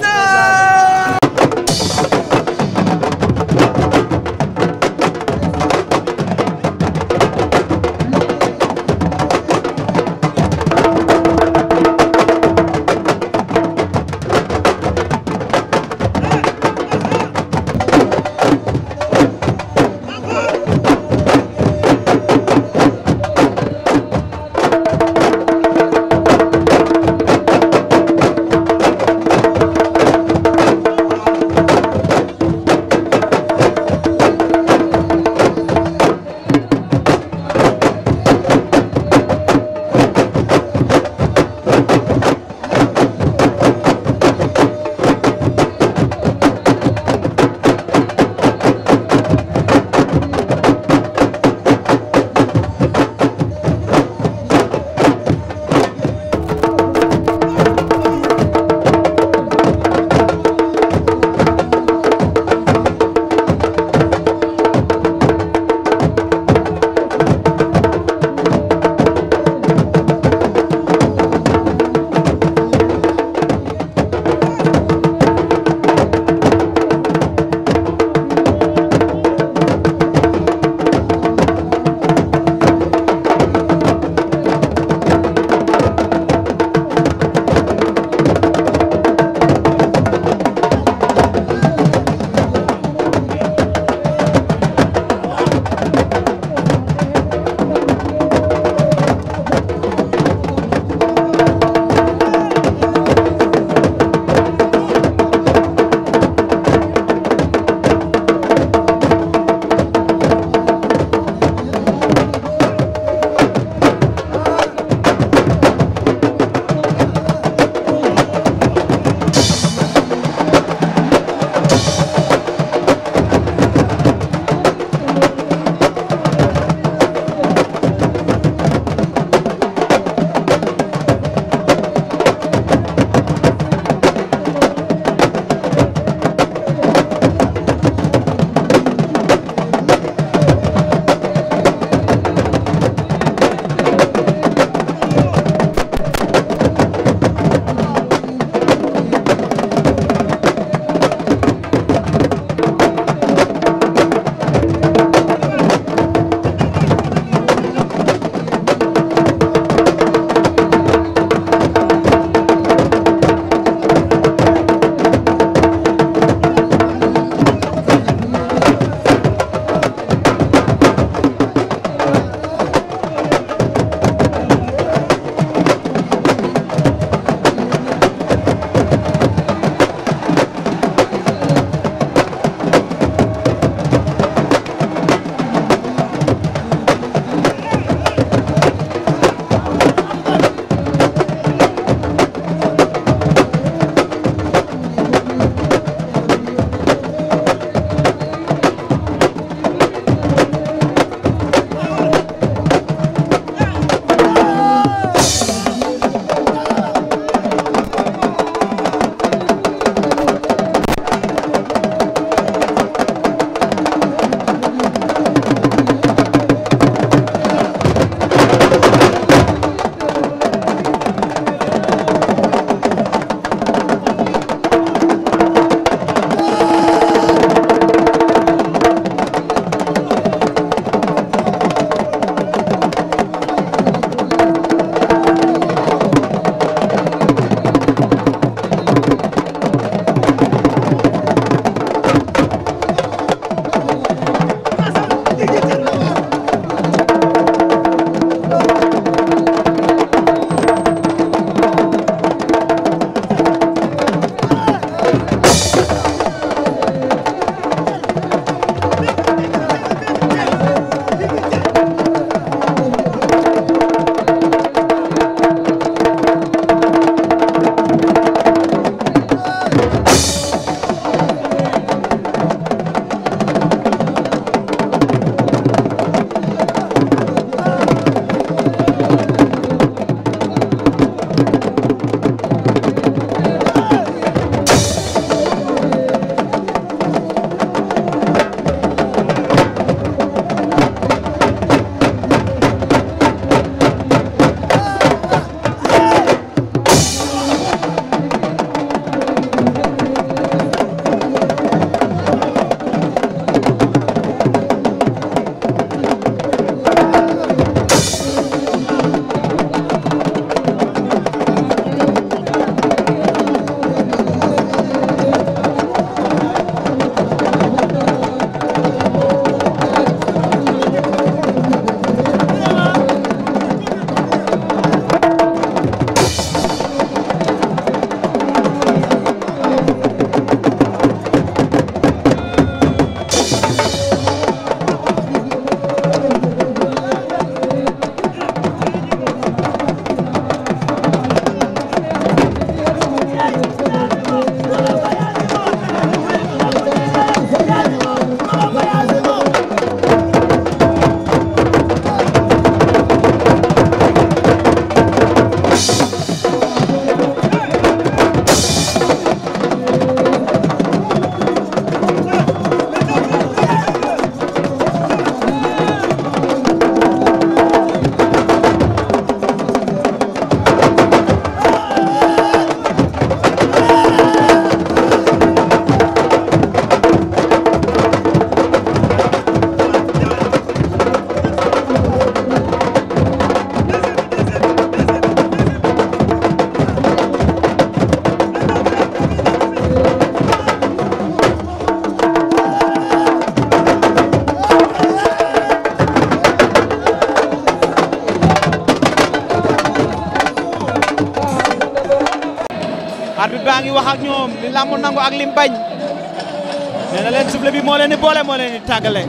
leen di tàggale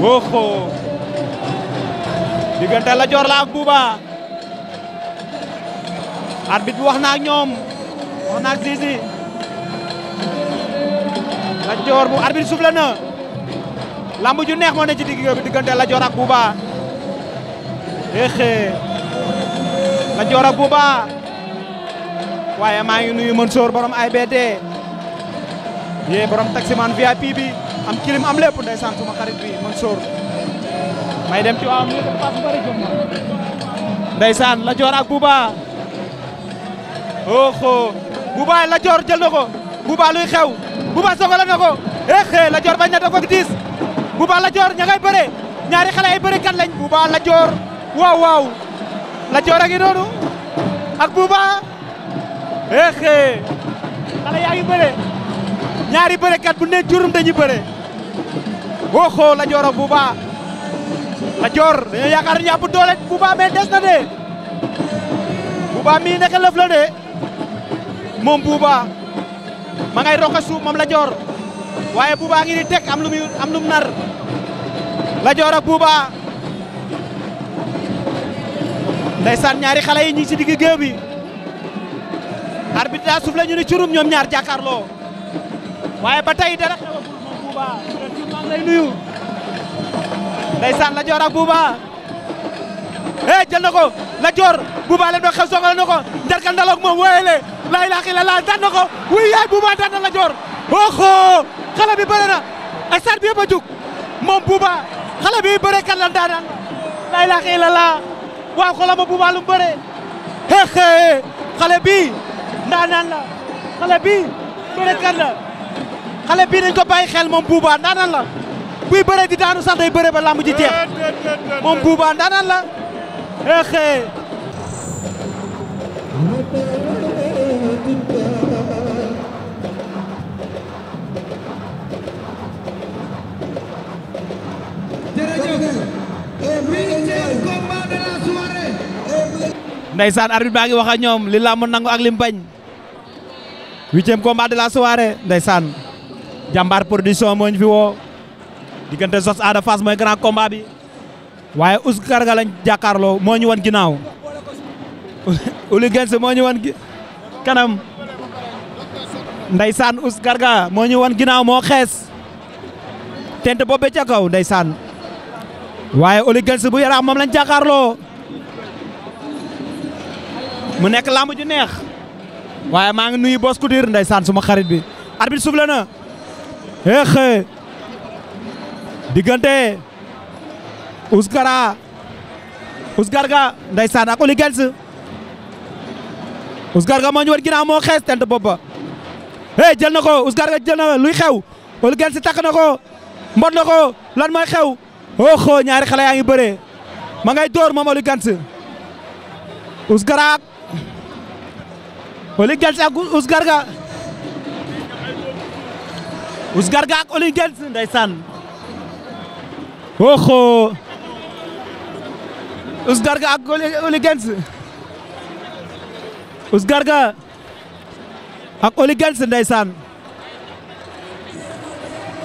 wooxoo diggante Lat la ak Bouba arbitre bi wax na ak ñoom wax na ak Zizi bu arbitre soufflé na lamb ju neex moo ne ci digg bi diggante Lat Dior ak Bouba exe Lat Dior ak Bouba waaye maa ngi nuyu Mansour borom AIBD yee borom taximan VIP bi am kilim am lépp ndeysaan sama xarit bi man may dem ci waaw mu ko pass bari jom ndeysaan la joor ak buuba oxo buuba la joor jël na ko buuba luy xew buuba sogala na ko exe eh, eh, la joor bañ na def diis buuba la joor ña ñaari xale ay bëre kat lañ buuba la joor waaw waaw la joor a ngi noonu ak buuba exe eh, xale yaa ñaari bëre kat bu ne juróom dañuy oxo la joor ak Bouba la joor dañoo ni àbb doole Bouba mais des na de Bouba mii nekk lëf la de moom Bouba ma ngay roqe suuf moom la joor waaye Bouba ngi ni teg am lu muy am lu mu nar la joor ak Bouba ndeysaan ñaari xale yi ñu si ci digg géew bi arbitre daa suuf la ñu ni curum ñoom ñaar jàkkaarloo waaye ba tey dara moom Bouba ngi lay nuyu ndeysaan Lat Dior ak Bouba eh, jël na ko Lat Dior Bouba leen njargal ndaloog moom wéyale laa ilaaha illallaah daan na ko wuy yaay Bouba daan na Lat Dior oxo xale bi bëre na stade bi yëpp a jug moom Bouba xale waaw xoolal ma Bouba lu mu bëre xeexe xale la xale bi bëre kan xale bii nañ ko bàyyi xel moom Bouba ndaanaan la buy bëre di daanu sax day bëre ba moom Bouba ndaanaan la exe Ndeysaan arbitre baa ngi wax ak ñoom li làmb nangu ak lim bañ huitième combat de la soirée Ndeysaan jàmbaar production moo ñu fi woo diggante Zoss Ada Fass mooy grand combat bi waaye us garga lañ jàkkaarloo moo ñu wan ginnaaw uli gens moo ñu wan kanam ndeysaan us karga moo ñu wan ginnaaw moo xees tent boobe ca kaw ndeysaan waaye uli gens bu yaraax moom lañ jàkkaarloo mu nekk lamb ju neex waaye maa ngi nuyu Bos Couture ndeysaan suma xarit bi arbitre soufflé na eexe diggante Ouskara Ouskarga ndeysaan ak Oli Gels Ouskarga moo ñu war ginnaaw moo xees tent bopp ba hey jël na ko Ouskarga jël na luy xew Oli Gels takk na ko mbot na ko lan mooy xew oxo ñaari xale yaa ngi bëree ma ngay door moom Oli Gels Ouskarga Oli Gels ak Ouskarga Ouss Garga ak Oli Gens ndeysaan oxo Ouss Garga ak Oli Gens Ouss Garga ak Oli Gens ndeysaan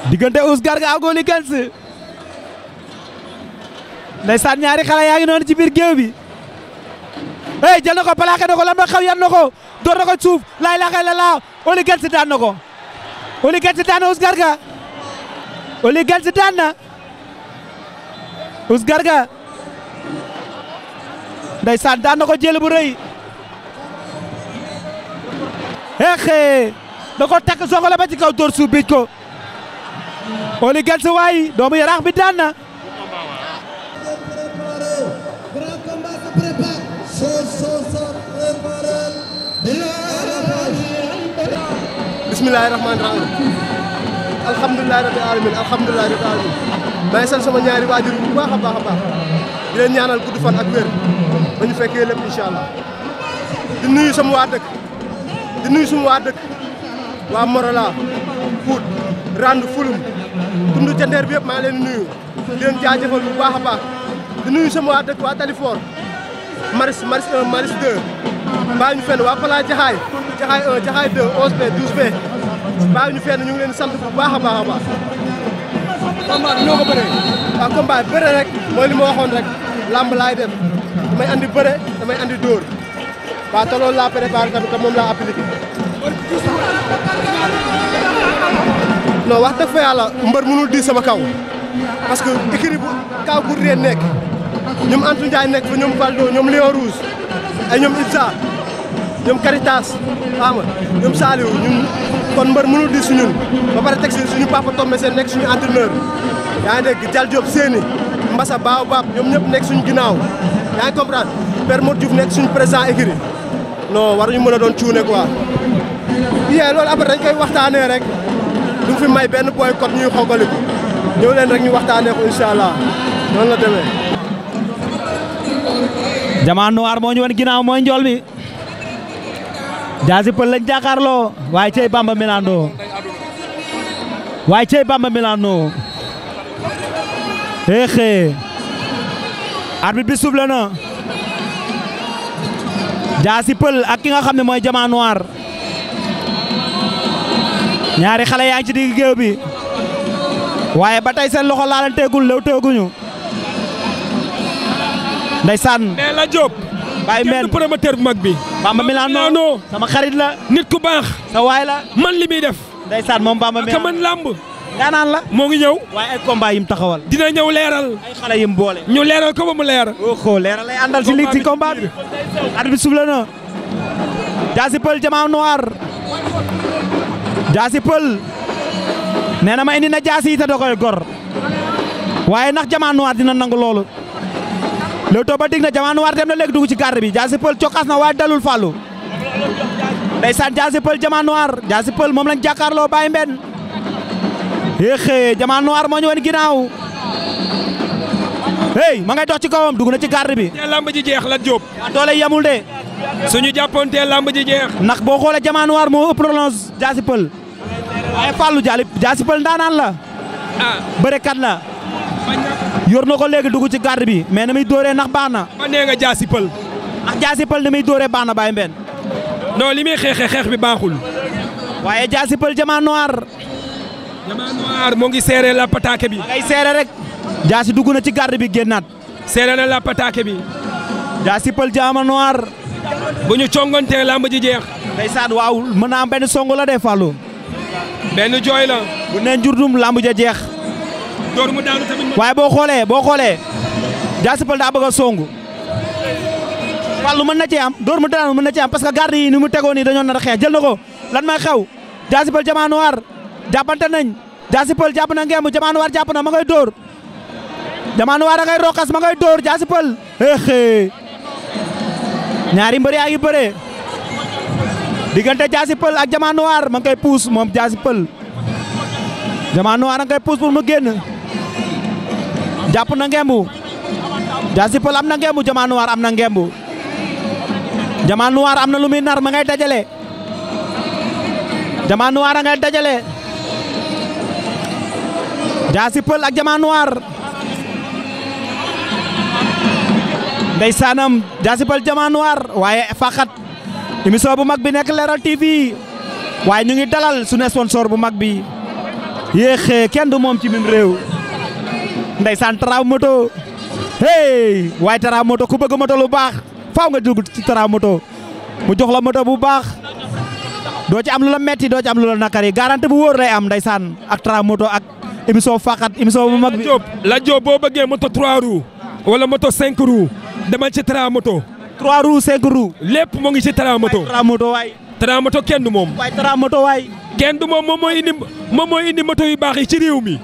diggante us Garga ak Oli Gens ndeysaan ñaari xale yaa ngi noonu ci biir géew bi hey jël na ko plaqué na ko lan ma xaw yan na ko la laa Oli Gens daan na ko Oli Gelsi daan na Ous Garga Oli Gelsi daan na Ous Garga ndeysaan daan na ko jël bu rëy exe takk songole ci kaw dóor suuf biij doomu yaraax bi daan bismillahi rahmaani rahim alhamdulilahi rabbil alamin alhamdulilahi rabbil sama ñaari waajur bu baax a baax a baax di leen ñaanal gudd fan ak wér ba ñu fekkee lépp incha allah di nuyu sama waa dëkk di nuyu sama waa dëkk waa Morola Pout Randu Fulum tund jandeer bi maa leen nuyu di leen jaajëfal bu baax a baax di nuyu sama waa dëkk waa Dalifort maris maris 1 maris 2 baa ñu fenn waa Pala Jaxaay Jaxaay 1 Jaxaay 2 11 b 12 b bàyyi ñu fenn ñu ngi leen sant bu baax a baax a baax. combat bi bëre rek mooy li ma waxoon rek làmb laay def damay andi bëre damay andi dóor waaw te loolu laa préparé tamit te moom laa appliqué. non wax dëgg fa yàlla mbër mënul di sama kaw parce que écurie bu kaw bu reen nekk ñoom Antou Ndiaye nekk fa ñoom Valdo ñoom Lion Rouge ay ñoom Ibsa ñoom Caritas xam nga ñoom Saliou kon mbër mënul di suñun ba pare teg si suñu papa Tombe seen nekk suñu entraîneur yaa ngi dégg Jal Diop seeni Mbassa Baaw Baab ñoom ñëpp nekk suñu ginnaaw yaa ngi comprendre Père Modou Diouf nekk suñu président écurie non waruñu mën a doon cuune quoi. yee loolu après dañ koy waxtaanee rek du fi may benn boy kot ñuy xogaliku ñëw leen rek ñu waxtaanee ko incha allah noonu la demee. Diamant Noir moo ñu wan ginnaaw mooy njool bi. Jaasi Pël lañ jàkkaarloo waaye cey Bamba Milano waaye cey Bamba Milano eexee eh, arbitre bi soufflé na Jaasi Pël ak ki nga xam ne mooy Diamant Noir ñaari xale yaa ngi ci digg géew bi waaye ba tey seen loxo laalanteegul lew teeguñu ndeysaan la Jóob Baye Men promoteur bu mag bi. Bamba Milano sama xarit la. nit ku baax. sa waay la man li muy def. ndeysaan moom Bamba Milano ak man làmb. daanaan la moo ngi ñëw. waaye ay combat yim taxawal. dina ñëw leeral. ay xale yim boole. ñu leeral ko ba mu leer. oho leeral lay àndal ci li ci combat bi. at bi suuf la na. Diassy Peulh Diamant Noir. ma indi na Diassy te da koy gor. waaye ndax Diamant Noir dina nangu loolu. Leewtoo ba dig na Diamant Noir dem na léegi dugg ci garde bi Diassy Peulh cokkaas na waaye dalul Fallou ndeysaan Diassy Peulh Diamant Noir Diassy Peulh moom lañ jàkkaarloo Baye Mbène yéexee Diamant Noir moo ñëwoon ginnaaw hey ma ngay dox ci kawam dugg na ci garde bi. teel lamb ji jeex la Diop. waa doole yamul de. suñu jàppoon teel lamb ji jeex. ndax boo xoolee Diamant Noir moo ëpp relance Diassy Peulh waaye Fallou Diassy ndaanaan la. ah bërekat la. yor na ko léegi dugg ci garde bi mais na muy dóoree ndax baax na. ma nee nga jaasi pël. ndax jaasi pël ni muy dóoree baax na Baye Mbène. non li muy xeexee xeex bi baaxul. waaye jaasi pël jamaa noir. jamaa moo ngi seere la pataake bi. ma ngay seere rek. jaasi dugg na ci garde bi génnaat. seere na la bi. jaasi pël jamaa noir. bu ñu congantee làmb ji jeex. ndeysaan waaw mën naa am benn song la de Fallou. benn jooy la. bu neen làmb ja jeex. door mu daanu waaye boo xoolee boo xoolee Diassy Peulh daa bëgg a songu lu mën na cee am door mu daanu mën na cee am parce que garde yi ni mu tegooni nii dañoo a xeex jël na ko lan may xew Diassy Peulh Diamant Noir jàppante nañ Diassy Peulh jàpp na ngeem Diamant Noir jàpp na ma ngay door Diamant Noir a ngay rokas ma ngay door jaasi Peulh xeexee ñaari mbër yaa ngi bëree diggante Diassy Peulh ak Diamant Noir ma ngay puus moom Diassy Peulh Diamant Noir a puus pour mu génn jàpp na ngembu Diassy Peulh am na ngembu Diamant Noir am na ngembu Diamant Noir lu muy nar ma ngay dajale Diamant Noir a ngay dajale Diassy Peulh ak Diamant Noir ndeysaanam Diassy Peulh Diamant Noir waaye faxat émission bu mag bi nekk Leral TV waaye ñu ngi dalal suñu sponsor bu mag bi yéex kenn du moom ci mim réew ndeysaan Tara moto hey waaye Tara moto ku bëgg moto lu baax faaw nga dugg ci Tara moto mu jox la moto bu baax doo ci am lu la metti doo ci am lu la yi garanti bu wóor lay am ndeysaan ak Tara moto ak émission faqat émission bu mag bi. la Diop boo bëggee moto 3 roues wala moto 5 roues demal ci Tara moto. 3 roues 5 roues. lépp mu ngi ci Tara moto. Tara moto waay. moto kenn moom. kenn du moom moom mooy indi moom mooy indi moto baax yi ci réew mi.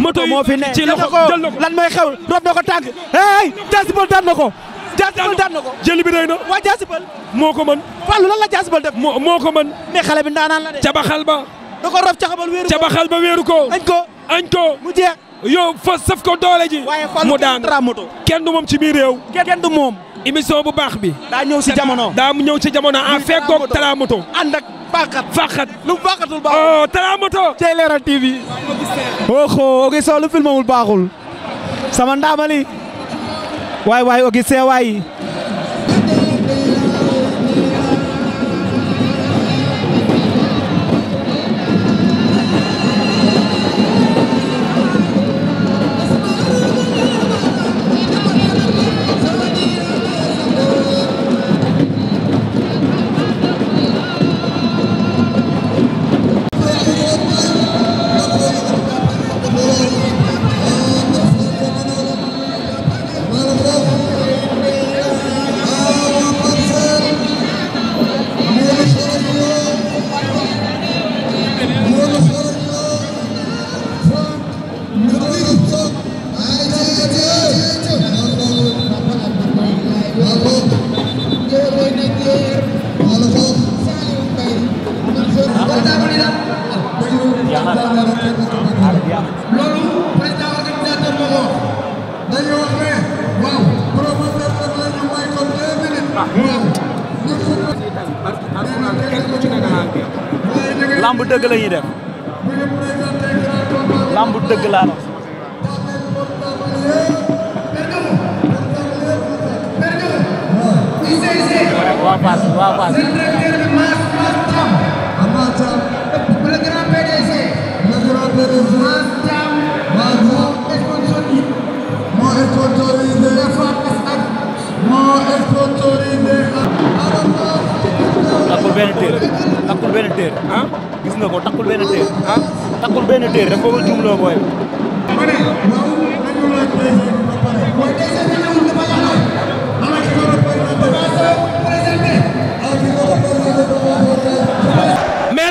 moto moo fi ne ci loxo jël na ko lan mooy xew rob na ko tànk hey jaasibal daan na ko. jaasibal daan na bi rëy na. waa jaasibal. moo ko mën. Fallou lan jaasibal def. moo moo ko mën. xale bi ndaanaan la de. ba. da ko rob caxabal wéeru ko cabaxal ba ko. añ ko añ ko mu jeex. yow fa saf ko doole ji. mu daan kenn du moom ci biir réew. kenn du moom. émission bu baax bi. daa ñëw si jamono. daa ñëw si jamono en fekkoog Tara Moto. ànd faqat faqat lu faqatul baaxul oh Talamato tey Leral TV oxo Augustin lu filmamul baaxul sama ndaamali waay waay Augustin waay loolu président organisateur moo ko wax dañu wax ne waaw promoteur rek la ñu may ko takkul ah? nga ko takkul benn téer ah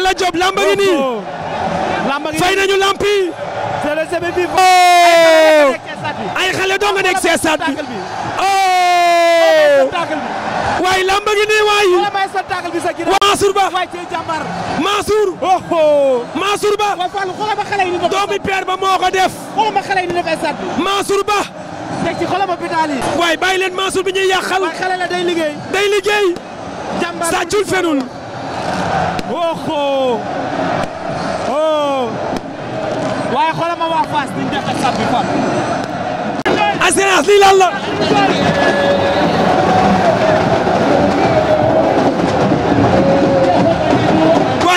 la job lamba ngi nii fay nañu lamp yi. Oh. ay xale doo nga nekk ci stade bi. Oh. waaye lamb gi nii Ba. Mansour. Mansour Ba. Oh, doomi père ba moo def. Mansour Ba. teg ci leen Mansour bi ñuy yàqal. waaye xale la day liggéey. day fenul. waa Fass duñ def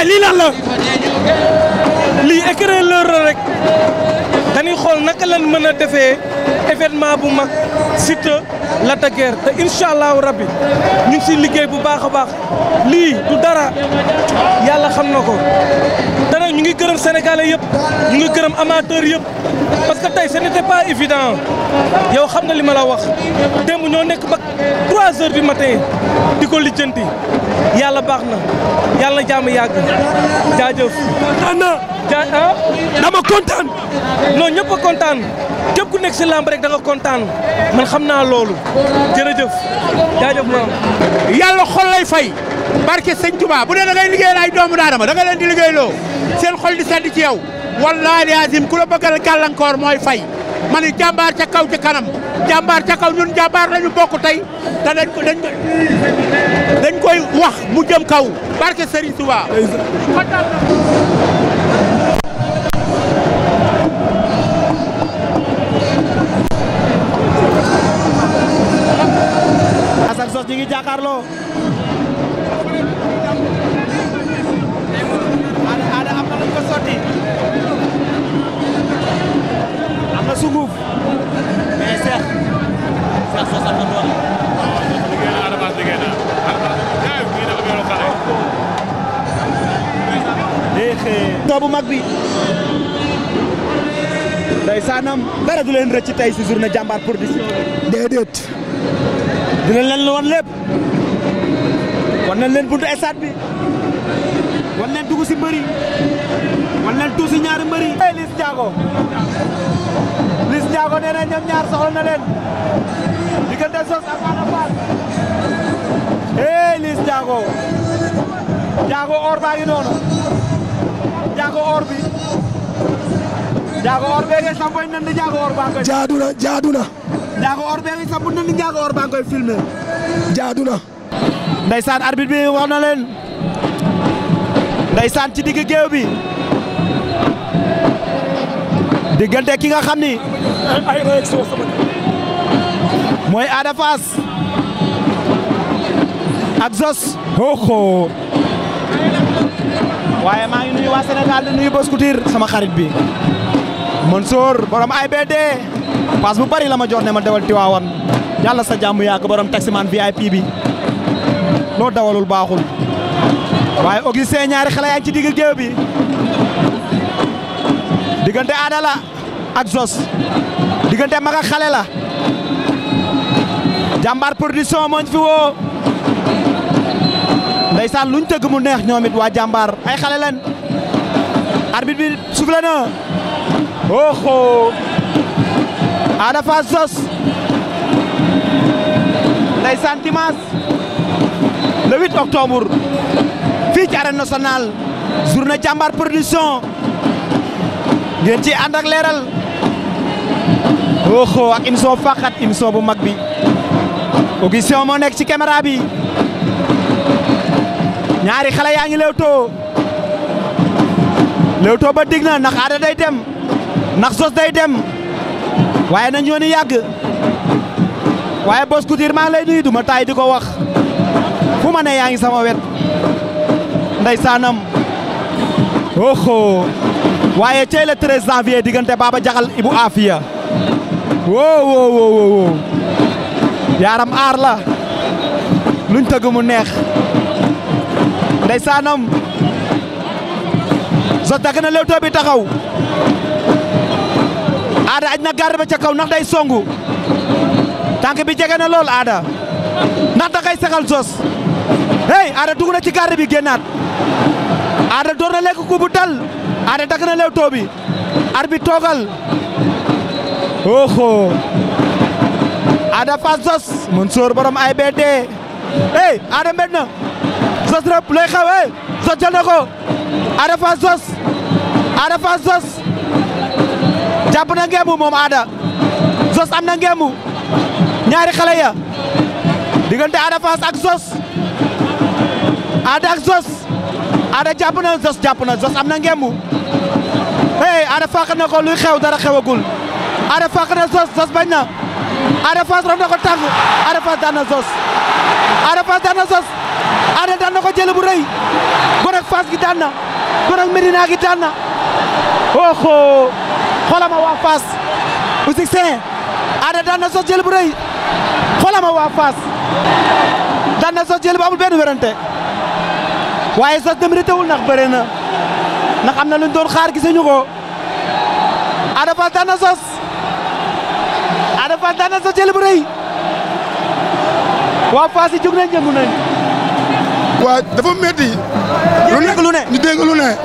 lii lan la. rek dañuy xool naka lañ mën a defee événement bu mag Siteu Lac de te incha allahu rabbi ñu ngi liggéey bu baax a baax lii du dara. gërëm sénégalais yëpp ñu ngi gërëm amateur yëpp parce que tey ce n'était pas évident yow xam na li ma la wax démb ñoo nekk ba 3 heures du matin di ko lijjanti yàlla baax na yàlla na jàmm yàgg jaajëf. kontaan na ah? dama kontaan. non ñëpp kontaan képp ku nekk si làmb rek da kontaan man xam naa loolu jërëjëf jaajëf maam. yàlla xol lay fay. barke sëñ Tuba bu dee da ngay liggéeyal ay doomu daadama da leen di liggéeyloo seen xol di sedd ci yow wallaahi azim ku la bëggal gàllankoor mooy fay. ma ni jàmbaar ca kaw ci kanam jàmbaar ca kaw ñun jàmbaar lañu bokk tey te dañ ko dañ koy wax mu jëm kaw barke Serigne Touba. Assane Sos ñi ngi jàkkaarloo. sunguf mais Cheikh Cheikh soo sàmm doole. liggéey na Ada Fass liggéey na Ada Fass jaay mi ngi nekk mag bi. ndeysaanam dara du leen rëcc tey si journée leen wan lépp. wan leen buntu stade bi. wan leen dugg si mbëri wan leen tuusi ñaari mbëri Liss Ndiago Liss Ndiago nee na ñoom ñaar soxla na leen diggante Zoss ak Ada Fass hey Liss Ndiago Ndiago noonu Ndiago or bi Ndiago sampoñ nan di Ndiago or baa koy jaadu na sampoñ nan di Ndiago or baa koy filmé jaadu bi wax ndeysaan ci digg géew bi diggante ki nga xam ni mooy Ada Fass ak Zoss waaye maa ngi nuyu waa Sénégal di nuyu Bos Couture sama xarit bi Mansour borom AIBD paas bu bari la ma jox ne ma dawal Tiwaawan yàlla sa jàmm yàgg borom taximan VIP bi loo dawalul baaxul. waaye Augustin ñaari xale ci digg géew bi diggante aada la ak Zoss diggante mag xale la jàmbaar production mooñ fi woo ndeysaan luñ tëgg mu neex ñoom wa waa jàmbaar ay xale lan arbitre bi soufflé na aada fa Zoss ndeysaan dimanche le 8 octobre fii ci arène nationale na jàmbaar production ngeen ci ànd ak leeral oho ak émission faqat émission bu mag bi Augustin moo nekk ci caméra bi ñaari xale yaa ngi lewtoo lewtoo ba dig na ndax aada day dem ndax sos day dem waaye nañ ñoo ni yàgg waaye Boss Couture maa ngi lay nuyu du taay di ko wax fu ma ne yaa ngi sama wet ndeysaanam oho waaye tey le 13 janvier diggante Baba Jaxal Ibou Afia woo woo woo yaaram aar la luñ tëgg mu neex ndeysaanam Zoss dagg na lewtoo bi taxaw aada aj na garde ca kaw nax day songu tànk bi jege na lool aada ndax da sexal Zoss hey Ada dugg na ci garde bi génnaat Ada door lekk ku bu Ada dagg na lew too bi toogal oho Ada Fass Zoss Mansour borom AIBD hey Ada mbed na Zoss rëpp looy xew hey Zoss jël Ada Fass Zoss Ada Fass Zoss jàpp na ngeemu moom Ada Zoss am na ngeemu ñaari xale ya diggante Ada Fass ak Zoss Ada ak Zoss Ada jàpp na Zoss jàpp na Zoss am na ngembu hey Ada fàq na ko luy xew dara xewagul Ada fàq na Zoss Zoss bañ na Ada Fass rof ko tàng Ada Fass daan na Zoss Ada Fass daan na Zoss ko jël bu rëy gon ak Fass gi daan na gon ak Medina gi daan waa Fass usik sen Ada daan na jël bu rëy xoolama waa Fass daan na jël bu amul benn werante waaye Zoss dem ritewul ndax bëre na ndax na luñ doon xaar gisuñu ko Ada Fass daan na Zoss Ada Fass na Zoss jël bu rëy waa Fass yi jug nañ jëmu nañ waa dafa métti lu nekk lu ne ñu dégg lu ne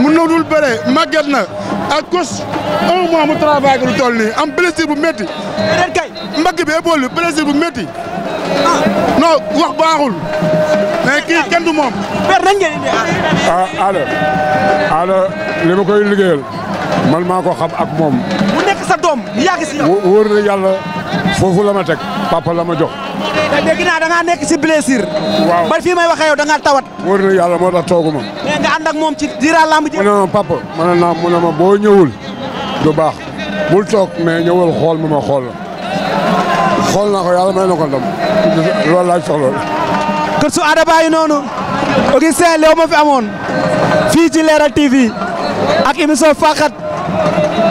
mun na màgget na à cause un mois mu travail lu toll nii am blessure bu métti déet kay mbagg bi épaule bi blessure bu Ah, non wax baaxul mais kii kenn du moom. père nan ngeen indi ah Ada Ada li koy liggéeyal man maa ko xam ak moom. mu nekk sa doom yàgg si yow. wóor na yàlla foofu la ma teg papa la ma jox. te dégg naa da nekk si blessure. waaw ba fii may waxee yow da tawat. wóor na yàlla moo tax toogu ma. mais nga ànd moom ci diira lamb ji. mu ne ma papa ma ne naa mu ne ma boo ñëwul du baax bul toog mais ñëwal xool ma ma xool la. xool naa ko yàlla may na ko ndam loolu laaj soxla kër su aada bàyyi noonu Augustin léew ma fi amoon fii ci Leral TV ak émission Fakhat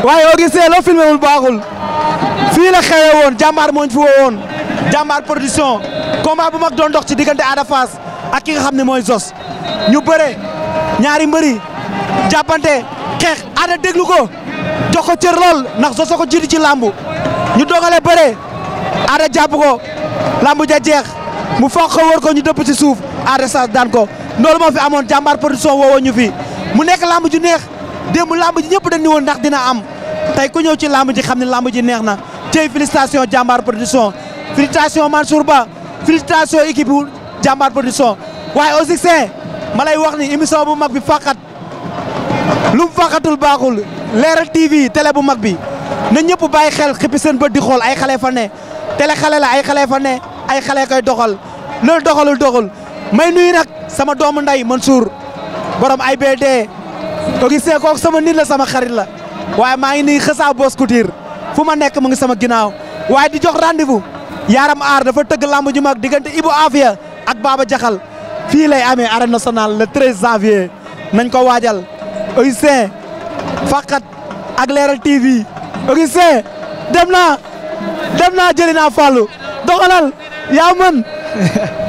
waaye Augustin loo filmé wul baaxul fii la xewe woon jàmbaar mooñ fi woon jàmbaar production combat bu mag doon dox ci diggante Ada Fass ak ki nga xam ne mooy Zoss ñu bëre ñaari mbëri jàppante xeex Ada déglu ko jox ko cër lool ndax Zoss a ko jiitu ci làmbu ñu dogale bëre Ada jàpp ko lambu ja jeex mu foog ko wër ko ñu dëpp ci suuf Ada Fass daan ko loolu moo fi amoon jàmbaar production woowoo ñu fi mu nekk lamb ju neex démb lamb ji ñëpp dañ ni woon ndax dina am tey ku ñëw ci làmb ji xam ne lamb ji neex na tey félicitation jàmbaar production félicitation Mansour Ba félicitation équipe bu jàmbaar production waaye aussi c'est ma lay wax ni émission bu mag bi fàqat lu mu fàqatul baaxul leeral TV télé bu mag bi na ñëpp bàyyi xel xippi seen bët di xool ay xale fa ne télé xale la ay xale fa ne ay xale koy doxal loolu doxalul doxul may nuyu nag sama doomu nday Mansour borom ay BD ko gisee kooku sama nit la sama xarit la waaye maa ngi nuyu xësaa Boss Couture fu ma nekk mu ngi sama ginnaaw waaye di jox rendez-vous yaaram aar dafa tëgg lamb ju ma diggante Ibou Afia ak baaba Jaxal fii lay amee arène nationale le 13 janvier nañ ko waajal Ousseyn Fakkat ak Leral TV Ousseyn dem naa dem naa jëli naa Fallou doxalal yaa mën